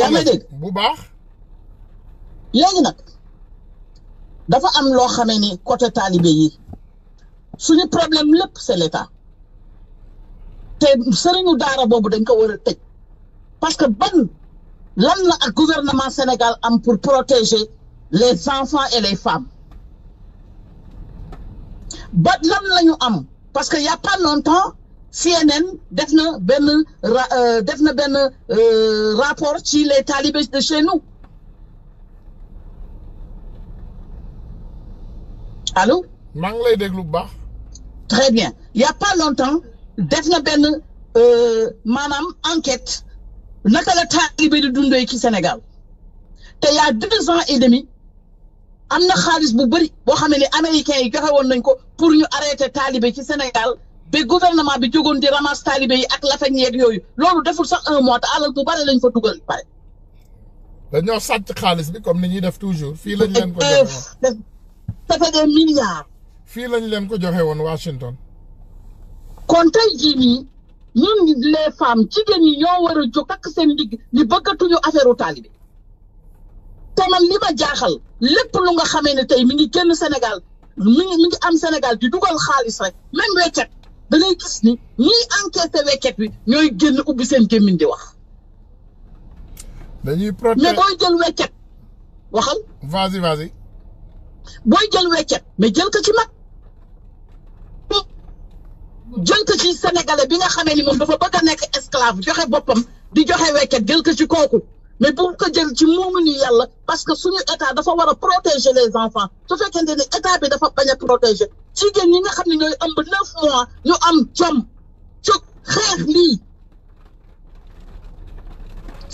yaa ngi dégg bu baax. léegi nag dafa am loo xamee ni côté taalibe yi suñu problème lépp c'est l'état te sëriñu daara boobu dañ ko war a parce que ban lan la ak gouvernement Sénégal am pour protéger les enfants et les femmes ba lan la ñu am parce que y a pas longtemps CNN def na benn euh, defna ben euh, rapport ci les talibés de chez nous allô. maa lay très bien il y a pas longtemps defna ben euh, Madame enquête naka la talibé du Sénégal té il y a deux ans et demi amna xaliss bu bari bo xamné américain américains yi joxe woon nañ ko pour ñu arrêter talibé ci Sénégal. bi gouvernement bi jógoon di ramasse taalibe yi ak lafañ yeeg yooyu loolu deful sax un mois te alal bu bari lañ fa dugal pare. dañoo sàcc xaalis bi comme ni ñuy def toujours. fii lañ leen ko joxe woon fii lañ leen ko joxe woon Washington. kon tey jii nii ñun les femmes jigéen ñi ñoo war a jóg takk seen ligg ni bëggatuñu affaire taalibe te man li ma jaaxal lépp lu nga xamee ne tey mi ngi génn senegal mi ngi am Sénégal di dugal xaalis rek même weccet. da ngay ni ñiy enquêté wekket bi ñooy génn ubbi seen gémmiñ di wax. dañuy protéger mais booy jël wekket waxal. vas-y vas-y. booy jël wekket mais jël ko ci mag. jël ko ci sénégalais bi nga xamee ni moom dafa bëgg a nekk esclave joxe boppam di joxe weket jël ko ci kooku. mais bu ko jël ci moomu ni yàlla parce que suñu état dafa war a protéger les enfants su fekkente ni état bi dafa bañ a protéger jigéen ñi nga xam ne ñooy ëmb neuf mois ñu am jom jóg xeex lii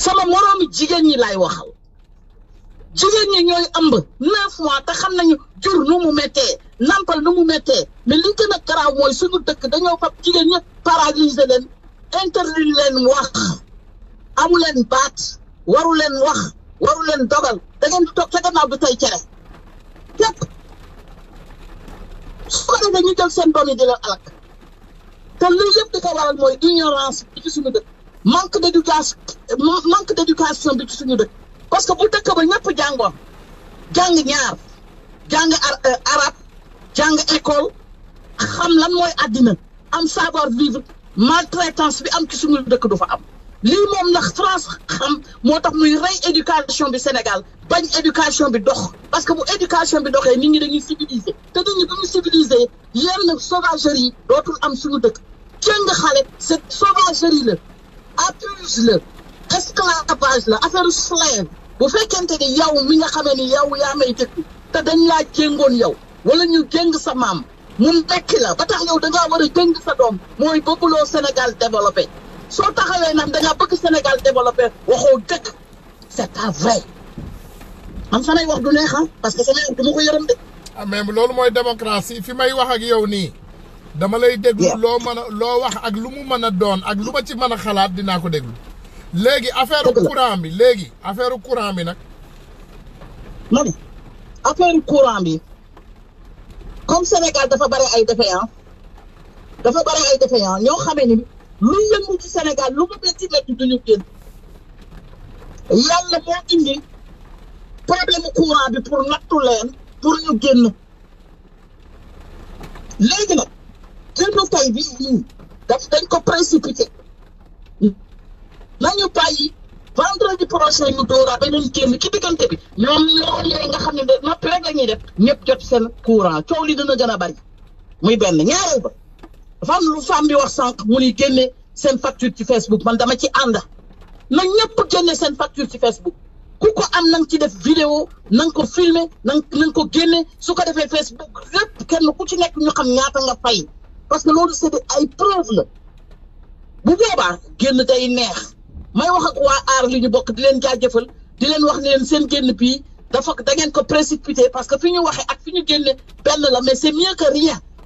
sama moroomi jigéen ñi laay waxal jigéen ñi ñooy ëmb neuf mois te xam nañu jur nu mu méttee nampal nu mu méttee mais li gën a garaaw mooy suñu dëkk dañoo fab jigéen ñi paralyser leen interdire leen wax amu leen baat waru len wax waru len dogal da ngeen di toog ca gannaaw du tey cere yépp su ko defee ñu jël seen doom yi di leen alak te lu yëpp di ko waral mooy ignorance bi ci suñu dëkk manque d'éducation manque d'éducation bi ci suñu dëkk parce que bu dëkk ba ñëpp jàngoon jàng ñaar jàng euh, arabe jàng école xam lan mooy àddina am savoir vivre maltraitance bi am ci suñu dëkk du fa am lii moom ndax France xam moo tax muy rey éducation bi Sénégal bañ éducation bi dox parce que bu éducation bi doxee nit ngi dañuy civiliser te nit ñi bu ñu civiliser yenn sauvagerie dootul am suñu dëkk jëng xale c'est sauvagerie la abuse la esclavage la affaire la bu fekkente ni yow mi nga xamee ni yow yaa may dëkk te dañ laa jéngoon yow wala ñu jéng sa maam mu nekk la ba tax yow da ngaa war a jéng mooy bëgguloo Sénégal développé soo taxawee nag da bëgg Sénégal développé waxoo dëkk c'est pas vrai am samay wax du neex parce que samay wax du ma ko yërëm de. ah mais loolu mooy démocratie fi may wax ak yow nii. dama lay déglu loo mën a loo wax ak lu mu mën a doon ak lu ma ci mën a xalaat dinaa ko déglu. léegi affaire courant bi léegi affaire courant bi nag. ma ne affaire courant bi comme Sénégal dafa bare ay défaillants dafa bare ay défaillants ñoo xamee ni. luy yëngu ci Sénégal lu mu metti du duñu génn yàlla moo indi problème courant bi pour nattu leen pour ñu génn léegi nag génn tay bi nii daf dañ ko précipité nañu bàyyi vendredi prochain ñu dóoraa beneen génn ci diggante bi ñoom ñoo ñooy nga xam ne de noppi a la ñuy def ñëpp jot seen courant coow li dina gën a bari muy benn ñaareel ba fam femme bi wax sank mu ni facture ci Facebook man dama ci and na ñepp génne sen facture ci Facebook kuko am nang ci def vidéo nang ko filmer ko Facebook lépp kenn ku ci nek ñu xam ñaata nga fay parce que lolu c'est ay preuves la bu boobaa génn day neex may wax ak wa ar li ñu bok di leen jaajëfal di len wax ni len sen génn da ngeen ko précipité parce que fi ñu ak fi ñu mais c'est mieux que rien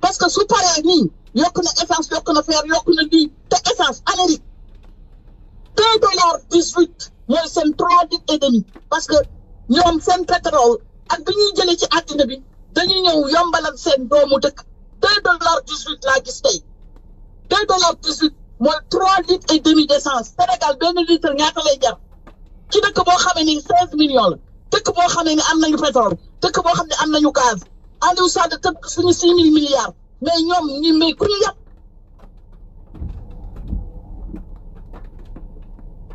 parce que su paree nii yokk na essence yokk na fer yokk na lii te essence Amérique deux dollars dix huit mooy seen trois litres et demi parce que ñoom seen pétrole ak bi ñuy jëlee ci àddina bi dañuy ñëw yombalal seen doomu dëkk deux dollars dix huit laa gis tey deux dollars dix huit mooy trois litres et demi d' essence Sénégal benn litre ñaata lay jar ci dëkk boo xamee ni seize millions la dëkk boo xamee ni am nañu pétrole dëkk boo xam ne am nañu gaz. Aliou Sadio tëb suñu six mille milliards mais ñoom ñi mais ku ñu yàpp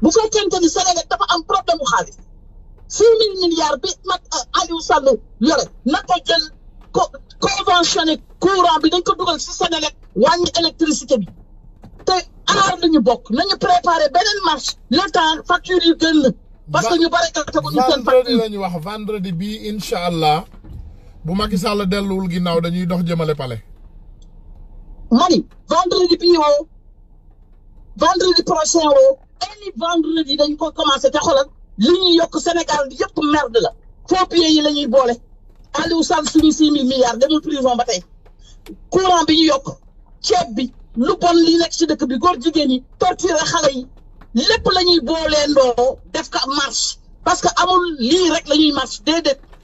bu fekkente ni Sénégal dafa am problème mu xaalis six mille milliards bi mag euh, Aliou yore na ko jël ko conventionné courant bi dañ ko dugal si Sénégal wàññi électricité bi te aar nañu bokk nañu préparé beneen marche le temps facture yu gën la parce que ñu bare kat bu ñu seen facture lañu bi incha allah. bu Macky Sall delluwul ginnaaw dañuy dox jëmale palais. mani vendredi bii woo vendredi prochain woo vendredi dañ ko commencé te xoolal li ñuy yokk Sénégal yëpp merde la pompiers yi la ñuy boole Aliou Sall suñu six mille milliards prison ba tey courant bi ñu yokk ceeb bi lu bon li nekk ci dëkk bi góor jigéen yi torturer xale yi lépp la ñuy boolee ndoo def ko marche parce que amul lii rek la ñuy marche déedéet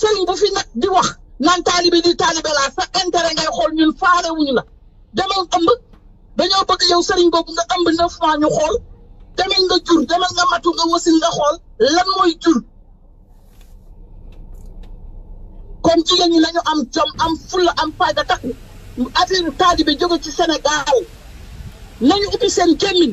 sëriñ bu fi nag di wax naan taalibe di taalibe laa sa intérêt ngay xool ñun faale wuñu la demal ëmb dañoo bëgg yow sëriñ boobu nga ëmb neuf mois ñu xool demal nga jur demal nga matu nga wasin nga xool lan mooy jur kon jigéen ñi nañu am jom am fulla am fayda tax affaire taalibe jóge ci Sénégal nañu ubbi seen gémmiñ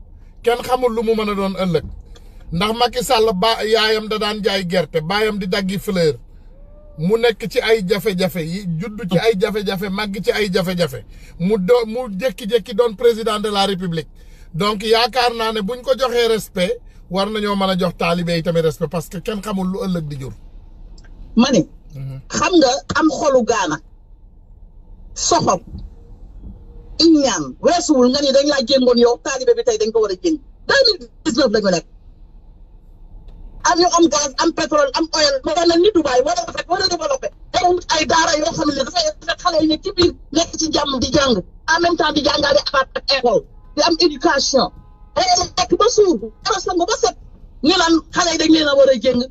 kenn xamul lu mu mën a doon ëllëg ndax Macky sàll ba yaayam da daan jaay gerte baayam di daggi fleur mu nekk ci ay jafe-jafe yi judd ci ay jafe-jafe màgg ci ay jafe-jafe mu do mu jékki-jékki doon président de la république donc yaakaar naa ne buñ ko joxee respect war nañoo mën a jox taalibe yi tamit respect parce que kenn xamul lu ëllëg di jur. ma ne. Mhm. xam nga am xolu gaana soxol iñaan weesuwul nga ni dañ laa jéngoon yow taalibe bi tey dañ ko war a jéng deux mille dix am ñu am gaz am pétrole am oil moo Dubaay war a rafet war a développé teewul ay daara yoo xam ne dafay rafet xale yi nekk ci biir nekk ci jàmm di jàng en même temps di jàngaale abaat ak école di am éducation dañuy lekk ba suur dara sangu ba set ñu naan xale dañ leen a war a jéng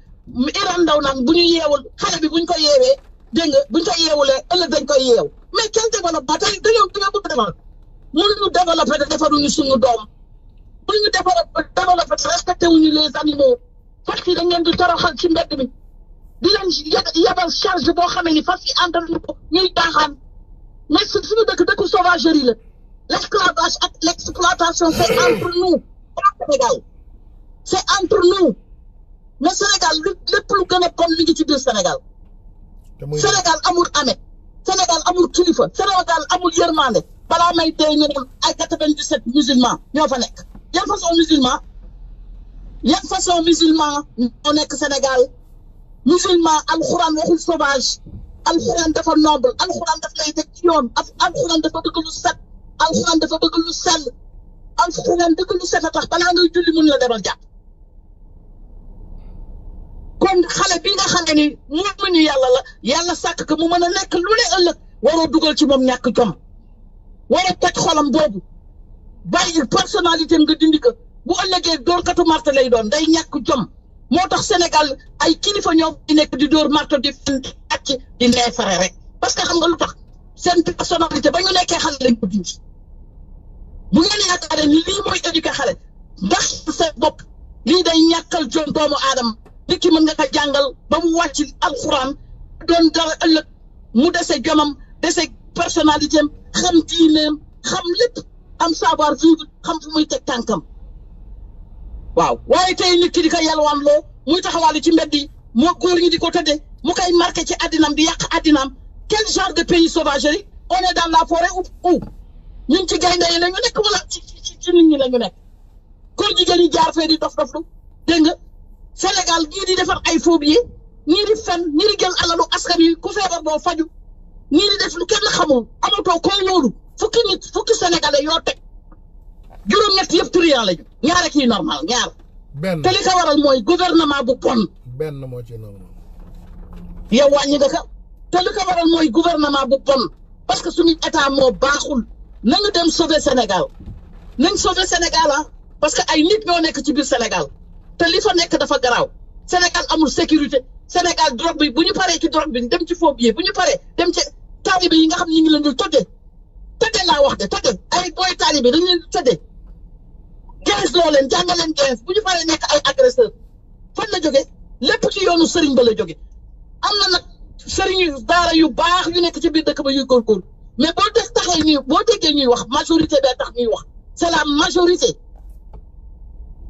Iran ndaw bu ñu yeewul xale bi buñ ko yeewee dégg nga buñ ko yeewulee ëllëg dañ ko yew mais kenn développe ba tey dañoo dañoo bëgg développe mënuñu développé te defaruñu suñu doom mënuñu développé te respecté wuñu les animaux fas yi dañ leen di ci mbedd mi di leen yebal charge boo xamee ni fas yi àndal ñu ko ñuy daaxaan mais suñu dëkk dëkku sauvagerie la l' esclavage ak l' exploitation c' est entre nous Sénégal c' est entre nous mais Sénégal lépp lu gën a bon ci biir Sénégal Sénégal amul amet Sénégal amul kilifa Sénégal amul yërmande balaa may dee ñu ne ay quatre-vingt-dix-sept musulman ñoo fa nekk yan façon musulman yan façon musulman ñoo nekk Sénégal musulman alxuraan waxul sauvage alxuraan dafa noble alxuraan daf lay teg ci yoon alxuraan dafa bëgg lu set alxuraan dafa bëgg lu sell alxuraan dëgg lu set a tax balaa ngay julli mun la demal jàpp kon xale bi nga xam ne ni moom ñu yàlla la yàlla sàkk ko mu mën a nekk lu ne ëllëg waroo dugal ci moom ñàkk jom waroo toj xolam boobu bàyyi personnalité nga dindi ko bu ëllëgee dóorkatu marto lay doon day ñàkk jom moo tax senegal ay kilifa ñoom di nekk di dóor marto di fenn àcc di neefare rek parce que xam nga lu tax seen personnalité ba ñu nekkee xale lañ ko dindi bu ngeen yaakaaree ni lii mooy éduquer xale ndax seen bopp lii day ñàkkal jom doomu aadama. nit ki mën nga ko jàngal ba mu wàcc alxuraan doon dara ëllëg mu dese jomam dese personnalité am xam diineem xam lépp am savoir fi xam fu muy teg tànkam waaw waaye tey nit ki di ko yalwaan loo muy taxawaale ci mbedd yi moo ñi di ko tëdde mu koy marqué ci addinaam di yàq addinaam quel genre de pays sauvagerie on est dans la forêt ou où ci gaynde yi la ñu nekk wala ci ci ci nit ñi ñu nekk góor jigéen ñi jaar fee di dof doflu dégg nga Sénégal ñii di defar ay phobie ñii di fen ñii di jël alalu askan yi ku feebar boo faju ñii di def lu kenn xamoo amatoo koo wóolu fukki nit fukki sénégalais yoo teg juróom-ñett yëpp turiyaa lañu ñaar yi normal ñaar. te li waral mooy gouvernement bu bon. benn moo ci normal. yow te li waral mooy gouvernement bu bon parce que suñu état moo baaxul nañu dem sauver Sénégal nañ sauver Sénégal ah, parce que ay nit ñoo nekk ci biir Sénégal. te li fa nekk dafa garaaw Sénégal amul sécurité Sénégal drogue bi bu ñu paree ci drogue bi dem ci yée bu ñu paree dem ci taalibe yi nga xam ne ñu ngi leen di tëddee tëddee laa wax de tëddee ay booy taalibe dañu leen di tëddee gees loo leen jàngal leen gees bu ñu paree nekk ay agresseur fan la jógee lépp ci yoonu sëriñ ba la jógee am na nag sëriñ yu daara yu baax yu nekk ci biir dëkk ba yuy góorgóorlu mais boo dee taxee ñuy boo déggee ñuy wax majorité bee tax ñuy wax c'est la majorité.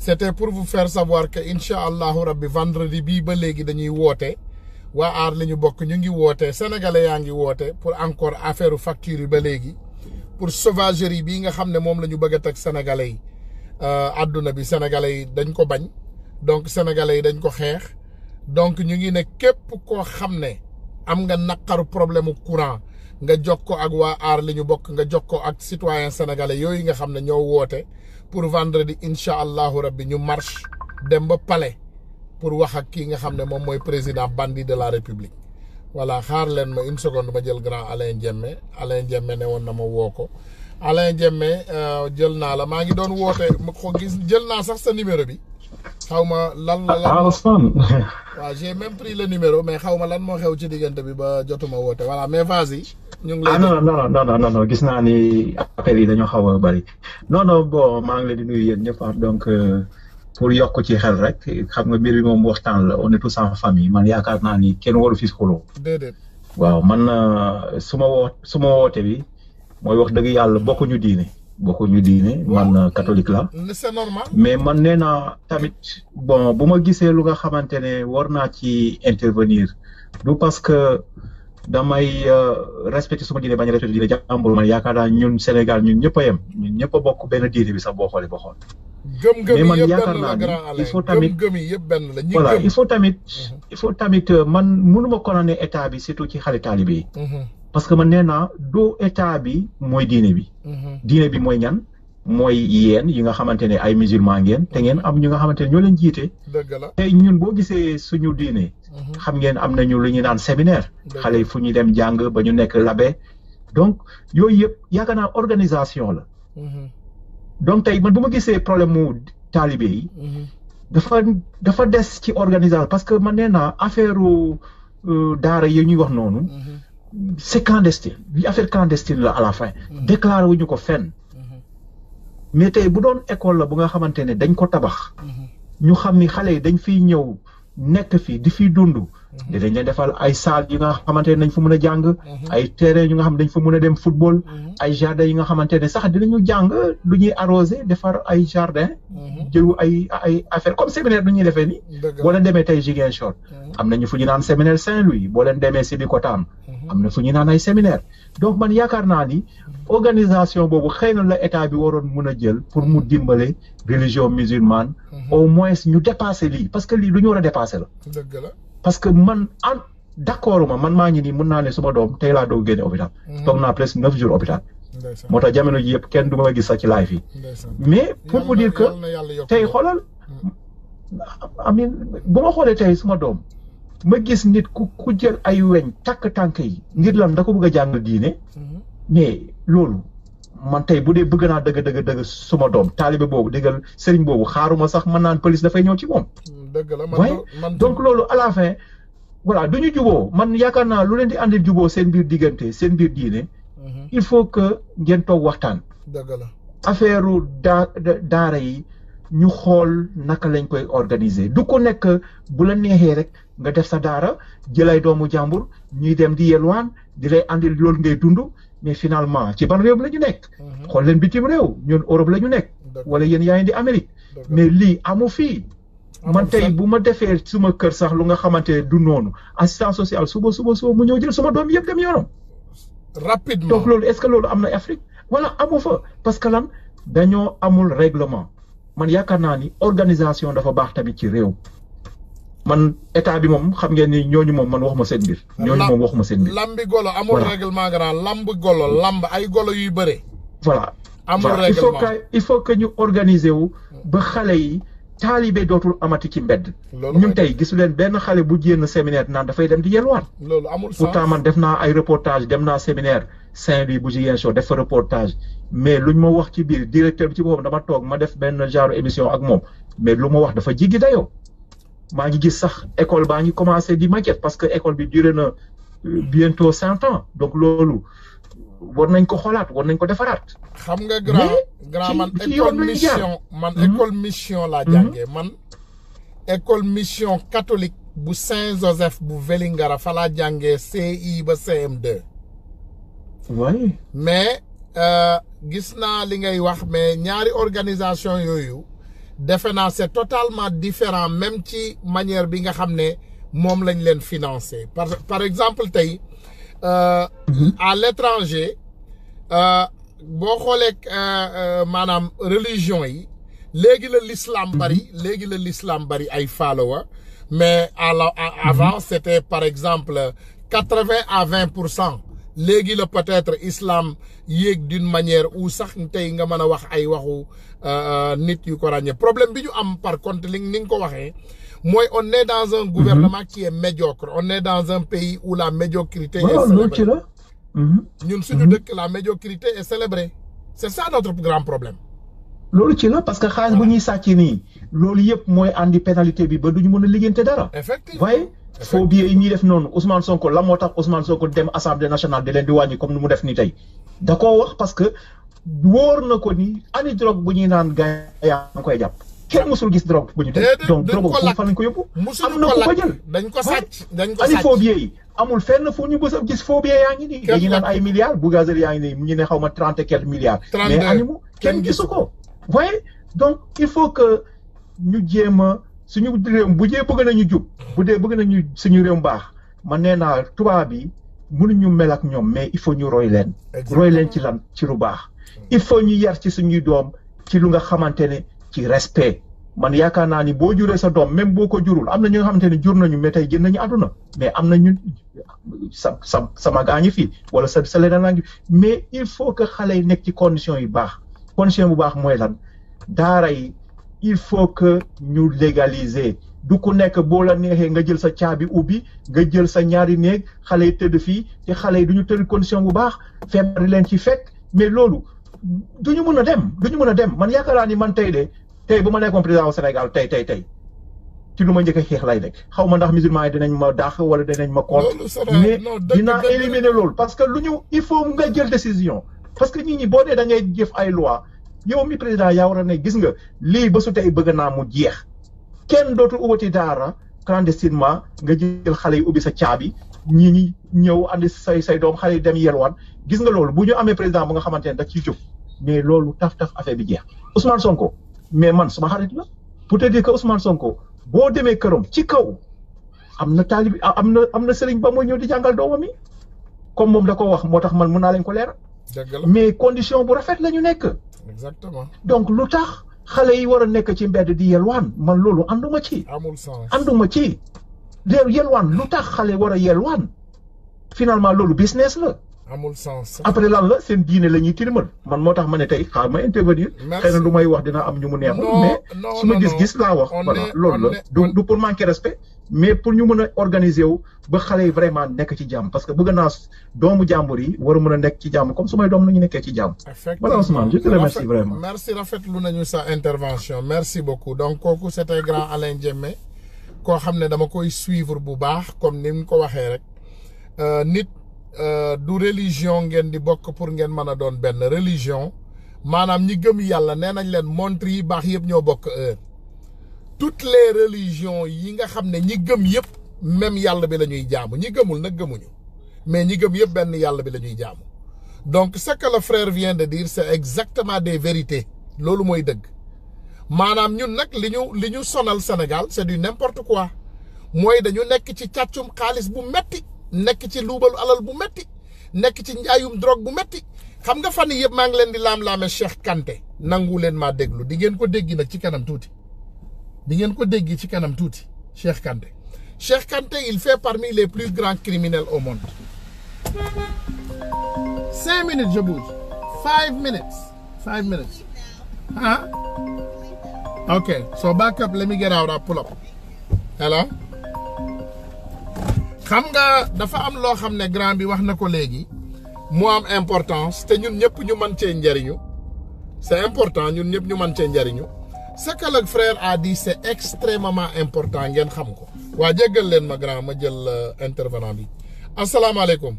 c'était pour vous faire savoir que inshallah allahu rabbi vendredi bii ba légui dañuy woté waa aar li ñu bokk ñu ngi woté sénégalais yaa ngi pour encore affaire facture yi ba pour sauvagerie bi nga xamné mom lañu la ñu bëgg a sénégalais yi euh, aduna bi sénégalais yi dañ ko bañ donc sénégalais yi dañ ko donc ñu ngi né képp ko xamné am nga problème courant nga jokkoo ak waa nga jokkoo ak citoyen sénégalais yooyu nga xamné ñoo woté pour vendredi inshallah rabbi ñu marche dem palais pour wax ak est nga président bandit de la république voilà une seconde jël grand Alain Djemme, Alain Djemme né won na ma woko Alain euh jël na la ma ngi doon woté ko gis jël n'a sax numéro bi ah, [LAUGHS] j'ai même pris le numéro mais lan xew ci bi ba voilà mais vas-y ñu ngi lay ah non gis naa ni appels yi dañoo xaw a bëri non non bon maa ngi leen di nuyu yéen ñëpp ah donc euh, pour yokk ci xel rek xam nga mbir bi moom waxtaan la on est tous en famille man yaakaar naa ni kenn waru fi xuloo. déedéet waaw man euh, su ma woo su ma woote bi mooy wax dëgg yàlla bokkuñu diine. bokkuñu diine man euh, catholique la. c'est normal mais man nee naa tamit bon bu ma gisee lu nga xamante ne war naa ci intervenir du parce damay euh, respecté su ma diine bañ a respecté diine jàmbur man yaakaar naa ñun Sénégal ñun ñëpp a yem ñun ñëpp a bokk benn diine bi sax boo xoolee ba xool. mais man yaakaar naa ni il faut tamit il faut tamit mhm. euh, man mënuma condamner état bi surtout ci xale taalibe mhm. parce que man nee du état bi mooy diine bi. Mhm. diine bi mooy ñan. mooy yéen yi nga xamante ne ay musulman ngeen te ngeen am ñu nga xamante ne ñoo leen jiite. dëgg la ñun boo gisee suñu diine. Mhm. xam ngeen am nañu lu ñuy naan séminaire xale yi fu ñu dem jàng ba ñu nekk labé donc yooyu yëpp yaakaar naa organisation la mhm. donc tey man bu ma gisee problème mu talibé yi mhm. dafa dafa des ci organisation parce que man nee naa affaire euh, daara yi ñuy wax noonu c'est clandestin affaire clandestine la à la fin déclaré wuñu ko fenn mais tey bu doon école la bu nga xamante ne dañ ko tabax ñu xam ni xale yi dañ fiy ñëw nekk fi di fi dund Mmh. dinañ leen defal ay salle yi nga xamantene ne fu mëna jang mmh. ay terrain yi nga xam dañ fu mëna dem football. Mmh. ay jardin yi nga xamantene sax dinañu jang lu arroser arrosé defar ay jardin. jëlu ay ay affaire comme séminaire duñuy ñuy ni boo leen tay tey short am nañu fu ñu naan séminaire Saint-Louis bo leen demee Sébikotane. am na fu ñu naan ay séminaire donc man yaakaar naa ni organisation boobu xëy na la état bi waroon mun a jël pour mu dimbale religion musulmane. au moins ñu dépasser lii parce que lii lu ñu war a dépassé la. dëgg la. parce que man en d' accord ma man maa ngi nii mën naa ne suma doom tey laa doog génne hôpital. Mm-hmm. toog naa presque neuf jours hôpital. moo tax jamono ji yëpp kenn du ma gis sax ci laay fii mais pour vous dire que tey xoolal mm. amin bu ma xoolee tey suma doom ma gis nit ku ku jël ay weñ takk tànk yi ngir lam da ko bëgg a jàng diine mm-hmm. mais loolu man tey bu dee bëgg naa dëgg dëgg dëgg suma doom taalibe boobu déggal sëriñ boobu xaaruma sax man naan police dafay ñëw ci moom. dëgg la man donc loolu à voilà du ñu juboo man yaakaar naa lu leen di àndil juboo seen biir diggante seen biir diine. Mhm. il faut que ngeen toog waxtaan. dëgg la affaire daa daara yi ñu xool naka lañ koy organiser du ko nekk bu la neexee rek nga def sa daara jëlay doomu jàmbur ñuy dem di yelwaan di lay àndil loolu ngay dund. mais finalement ci ban réew bi la nekk. Mhm. xool leen bitim réew ñun Europe lañu ñu nekk. wala yéen yaa ngi di Amérique. mais lii amu fii. man tey bu ma defee suma kër sax lu nga xamante du noonu assistance sociale suba suba suba mu ñëw jël suma doom yëpp dem yoonam. rapidement donc loolu est-ce que loolu am na Afrique wala amu fa parce que lan dañoo amul règlement man yaakaar naa ni organisation dafa baax tamit ci réew man état bi mom xam ngeen ni ñooñu mom man waxuma seen mbir. ñooñu mom waxuma seen mbir. lamb golo amul règlement grand lamb golo lamb ay golo yu bëre. voilà amul règlement il faut que ñu organiser wu ba xalé yi. talibé dootul amati ci mbedd. ñun tay gisu leen benn xale bu jéem séminaire naan dafay dem di yelwaan. loolu amul pourtant man def naa ay reportage dem naa séminaire Saint-Louis bu Ziguinchor def fa reportage mais luñ ma wax ci biir directeur bi ci boppam dama toog ma def benn genre émission ak moom mais lu ma wax dafa jiggi dayoo maa ngi gis sax école ba ngi commencé di maquette parce que école bi duré na euh, bientôt 100 ans donc loolu war nañ ko xoolaat war nañ ko défarat xam nga grand grand man mhm. école mission man école mission la jangé man. école mission catholique bu Saint-Joseph bu Vélingara fa laa jàngee CI ba CM2. oui mais euh, gis na li ngay wax mais ñaari organisation yoyu de c'est totalement différent même ci manière bi nga xamné mom lañ leen financer par par exemple tey euh, à l'étranger euh, boo xoolee euh, manam religion yi légui l'islam bari l'Église la l'islam bari ay mais avant c'était par exemple 80 à 20% l'église peut-être islam yek d'une manière où sax tay nga mën wax ay waxu euh, euh, nit yu ko problème bi ñu am par contre li ni ko waxé moy on est dans un gouvernement qui est médiocre on est dans un pays où la médiocrité est célébrée mhm. ñun suñu mhm. dëkk la médiocrité est célébrée c'est ça notre grand problème lolu ci la parce que quand bu ñuy sàcc ni loolu yëpp mooy andi pénalité bi ba duñu mëna a dara effectivement waaye faux billets yi ñuy def non Ousmane Sonko la motax Ousmane Sonko dem assemblée nationale de len di wañi comme nu mu def ni tay da wax parce que wóor na ko ni ani drogue bu ñuy naan gars yaa ngi koy jàpp kenn musul gis drogue bu ñu def donc drogue fu fan lañ ko yóbbu am na ku ko jël dañ ko sàcc dañ ko sàcc ani phobie amul fenn fu ñu bës gis phobie yaa ngi nii dañu naan ay milliards Bougazel yaa ngi nii mu ñu ne xaw ma trente et quelques milliards animu kenn gisu ko voyez donc il faut que ñu jéem a suñu réew bu dee bëgg nañu jub bu dee bëgg nañu suñu réew baax man nee naa tubaab bi mënuñu mel ak ñoom mais il faut ñu roy leen. roy leen ci lan ci lu baax. Mm. il faut ñu yar ci suñuy doom ci lu nga xamante ne ci respect man yaakaar naa ni boo juree sa doom même boo ko jurul am na ñu nga xamante ne jur nañu mais tey génn nañu àdduna mais am na ñu sa sa sama gaa fi wala sa sa leneen ngi mais il faut que xale yi nekk ci condition yu baax condition bu baax mooy lan daara yi il faut que ñu légaliser. du ku nekk boo la neexee nga jël sa caabi ubbi nga jël sa ñaari néeg xale yi tëdd fii te xale yi du ñu tëdd condition bu baax feebar leen ci fekk mais loolu du ñu mën a dem du ñu mën a dem man yaakaar ni man tey de tey bu ma nekkoon président au Sénégal tey tey tey ci lu ma njëkk a lay nekk xaw ma ndax musulman yi dinañ ma dàq wala dinañ ma contre mais dinaa éliminer loolu parce que lu ñu il faut nga jël décision parce que nit ñi boo dee da ngay jëf ay yow mi président yaa war a gis nga lii ba su tey bëgg naa mu jeex Ken dootul ubati dara clandestinement nga jël xalé yi ubbi sa caabi ñi ñi ñew andi say say doom xalé dem yelwat gis nga lolu bu ñu président bu nga xamantene da ci mais lolu taf taf affaire bi jeex Ousmane Sonko mais man suma xarit la pour te dire que Ousmane Sonko bo démé kërëm ci kaw amna talib amna amna serigne ba mo ñew di jangal doomam comme mom da ko wax motax man leen ko mais condition bu rafet la nekk exactement donc lutax xale yi war a nekk ci mbedd di yelwaan man loolu ànduma ci ànduma ci de yelwaan lu tax xale war a yelwaan finalement loolu business la amul sens après lan la seen diine la ñuy tilimal man motax mané tay xama intervenir. xëy na wax dina am ñu mu neexul. mais suma gis-gis la wax. voilà loolu du du pour manquer respect. mais pour ñu mën organiser wu ba xalé vraiment nek ci jamm parce que bëgg na doomu jàmbur yi war mëna nek ci jamm comme su may doom ñu nekkee ci jamm voilà Ousmane je te remercie vraiment. merci rafet lu nañu sa intervention merci beaucoup donc kooku c'était grand Alain Diémé ko xamné dama koy suivre bu baax comme nim ko waxé rek euh nit. Euh, du religion ngeen di bokk pour ngeen mën a doon benn religion manam ñi gëm yalla nee nañ leen montre yi bax yëpp ñoo bokk euh toutes les religions yi nga xamné ñi gëm yëpp même yalla bi lañuy jaamu ñi gëmul nak gëmuñu mais ñi gëm yëpp ben yalla bi lañuy jaamu donc ce que le frère vient de dire c'est exactement des vérités lolu moy dëgg manam ñun nak liñu liñu sonal Sénégal c'est du n'importe quoi moy dañu nek ci càccum xaalis bu metti nekk ci luubalu alal bu metti nekk ci njaayum drogue bu metti xam nga fan yëpp maa ngi leen di laam-laame Cheikh Kanté nangu leen maa déglu di ngeen ko dégg nag ci kanam tuuti di ngeen ko dégg ci kanam tuuti Cheikh Kanté Cheikh Kanté il fait parmi les plus grands criminels au monde cinq minutes je bouge five minutes five minutes ah huh? okay so back up let me get hello xam nga dafa am loo xam ne grand bi wax na ko léegi mu am importance te ñun ñëpp ñu man cee njariñu c'est important ñun ñëpp ñu man cee njariñu ce que le frère a dit c'est extrêmement important ngeen xam ko waa jéggal leen ma grand ma jël euh, intervenant bi asalaamaaleykum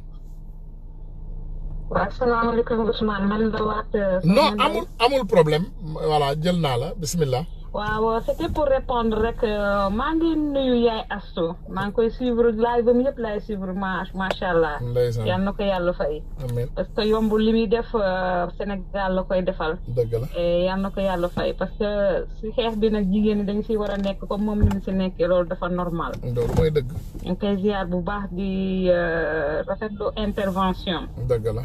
waaw salaamaaleykum Ousmane man la waat euh, non amul amul problème voilà jël naa la bismillah waaw c'était pour répondre que eh, maa ngi nuyu yaay astu maa ngi koy suivre live am yëpp laay suivre ma macha allah. yal na ko yàlla fay. parce que yomb li muy def Sénégal la koy defal. dëgg la não na ko yàlla fay parce que si xeex bi nag jigéen ñi dañ si war a nekk comme moom ni mu si nekkee dafa normal. loolu mooy dëgg. ñu ngi koy ziar bu baax di rafetlu intervention. dëgg la.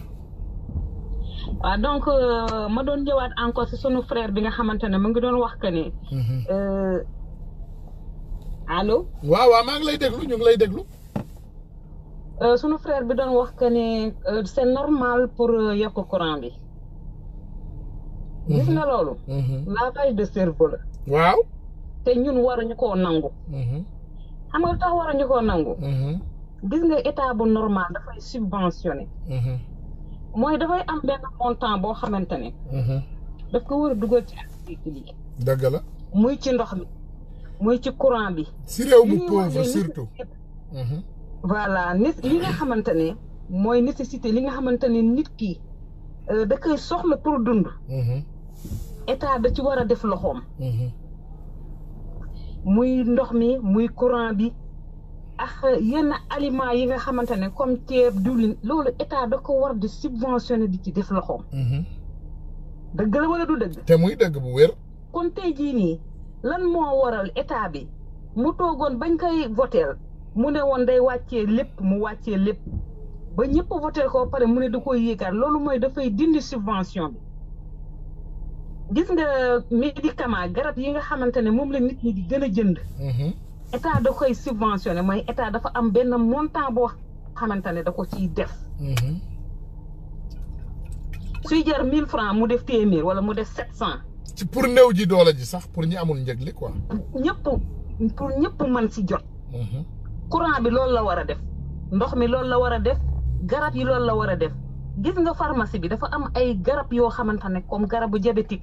waaw ah, donc euh, ma doon ñëwaat encore si sunu frère bi nga xamante ne mu ngi doon wax que ne. Mhm. Euh, allo. waaw waaw maa ngi lay déglu ñu ngi lay déglu. Euh, sunu frère bi doon wax que ne c'est normal pour yokk courant bi. gis nga mhm. loolu. Mhm. lavage de cerveau la. waaw. te ñun waruñu koo nangu. xam nga lu tax waruñu koo nangu. gis nga état bu normal dafay subventionné. mooy dafay am benn montant boo xamante ne. Mhm. daf ko war a dugal ci activité bi. dëgg la. muy ci ndox mi muy ci courant bi. si réew bu pauvre surtout. Mhm. voilà nit li nga xamante ne mooy nécessité li nga xamante ne nit ki euh, da koy soxla pour dund. Mhm. état da ci war a def loxoom. muy ndox mi muy courant bi. ak yenn aliment yi nga xamante ne comme ceeb diwlin loolu état da ko war di subventionné di ci def loxoom. Mhm. gën a wala du dëgg. te muy dëgg bu wér. kon tey jii nii lan moo waral état bi mu toogoon bañ koy voteel mu ne woon day wàccee lépp mu wàccee lépp ba ñëpp voteel ko pare mu ne da koy yéegaat loolu mooy dafay dindi subvention bi. gis nga médicament garab yi nga xamante ne moom la nit ñi di gën a jënd. Mhm. état da koy subventionné mooy état dafa am benn montant boo xamante ne da ko si def. Mhm. suy jar mille francs mu def téeméer wala mu def sept cent. ci pour néew ji a ji sax pour ñi amul njëg li quoi. ñëpp pour ñëpp man si jot. Mhm. courant bi loolu la war a def ndox mi loolu la war a def garab yi loolu la war a def gis nga pharmacie bi dafa am ay garab yoo xamante ne comme garabu diabétique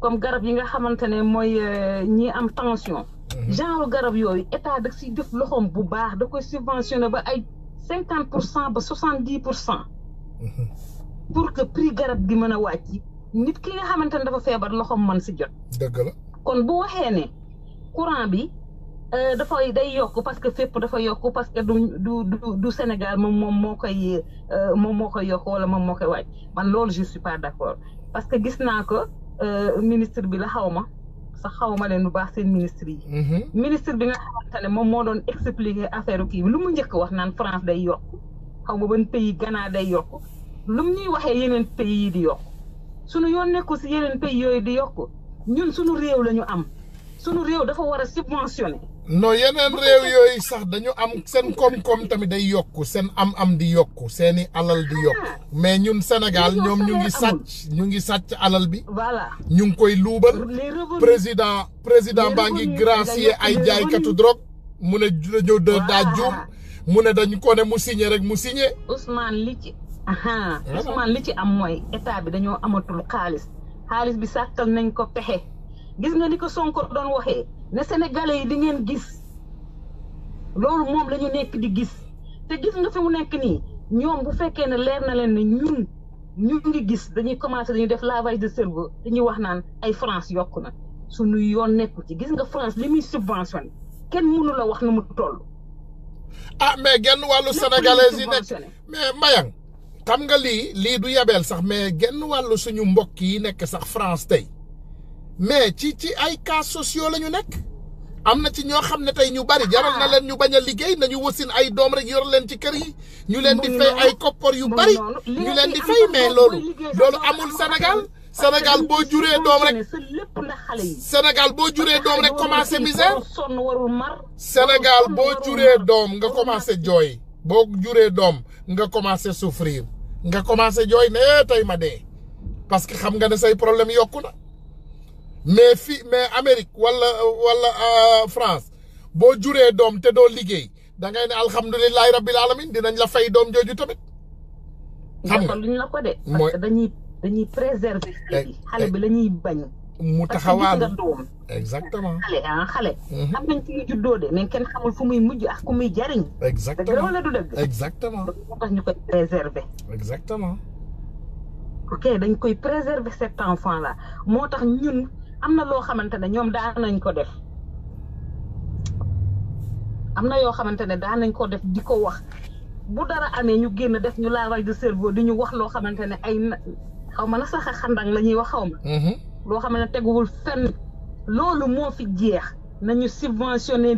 comme garab yi nga xamante ne mooy euh, ñi am tension. Mhm. genre garab yooyu état da si def loxoom bu baax da koy subventionné ba ay cinquante pour cent ba soixante dix pour cent. Mhm. pour que prix garab gi mën a wàcc nit ki nga xamante ne dafa feebar loxoom man si jot. kon bu waxee ne courant bi euh, dafay day yokk parce que fépp dafa yokk parce que du du du Sénégal moom moom moo koy euh, moom moo koy yokk wala moom moo koy wàcc man loolu je suis pas d'accord parce que gis naa ko euh, ministre bi la xaw ma. sax xaw ma leen bu baax seen ministre yi. Mhm. ministre bi nga xamante ne moom moo doon expliquer affaire kii lu mu njëkk wax naan France day yokk xaw ma ba pays Ghana day yokk lu mu ñuy waxee yeneen pays di yok sunu yoon nekkul si yeneen pays yooyu di yokk ñun sunu réew la ñu am sunu réew dafa war a subventionné. non yeneen réew yooyu sax dañu am seen koom-koom tamit day yokk seen am-am di yokku seeni alal di yokku ah. mais ñun senegal ñoom ñu ngi sàcc ñu ngi sàcc alal bi ñu ngi koy luubal président président baa ngi gracier ay jaaykatu drogue mu ne dañoo da daa juum mu ne dañ kone ne mu signé rek mu signé. Ousmane li ci Ousmane li ci am mooy état bi dañoo amatul xaalis xaalis bi sàkkal nañ ko pexe gis nga ni ko Sonko doon waxee. ne sénégalais yi di ngeen gis loolu moom la nekk di gis te gis nga fi mu nekk nii ñoom bu fekkee ne leer na leen ne ñun ñu ngi gis dañuy commencé dañuy def lavage de cerveau dañuy wax naan ay France yokk na suñu yoon nekku ci gis nga France li muy subvention kenn mënu la wax nu mu toll. ah mais genn wàllu sénégalais yi nekk mais Mbayang xam nga lii lii du yabeel sax mais genn wàllu suñu mbokk yi nekk sax France tey. mais ci ci ay cas sociaux la ñu nekk am na ci ñoo xam ne tey ñu bari jaral na leen ñu bañ a liggéey nañu wasin ay doom rek yor leen ci kër yi ñu leen di fay ay koppar yu bari ñu leen di fay mais loolu loolu amul Sénégal Sénégal boo juree doom rek Sénégal boo juree doom rek commencé misère Sénégal boo juree doom nga commencé jooy boo juree doom nga commencé souffrir nga commencé jooy ne tey ma dee parce que xam nga ne say problème yokk na mais fii mais Amérique wala wala euh, France bo juré dom té do liggéey da ngay né alhamdoulillah rabbil alamin dinañ la fay dom joju tamit. xam nga luñ la ko dé parce que dañuy dañuy préserver. xalé bi eh, eh, la ñuy bañ. mu taxawal exactement xalé ah xalé mhm. am nañ ciy juddo dé mais kenn xamul fu muy mujj ak ku muy jariñ. exactement dëgg wala du dëgg. exactement moo tax ñu koy préserver. exactement. ok dañ koy préserver cet enfant là motax ñun. am na loo xamante ne ñoom daan nañ ko def am na yoo xamante ne daan nañ ko def di ko wax bu dara amee ñu génn def ñu lavage de cerveau di ñu wax loo xamante ne ay xaw ma na sax a xandang la ñuy wax xaw ma. Mm-hmm. loo xam ne teguwul fenn loolu moo fi jeex nañu subventionner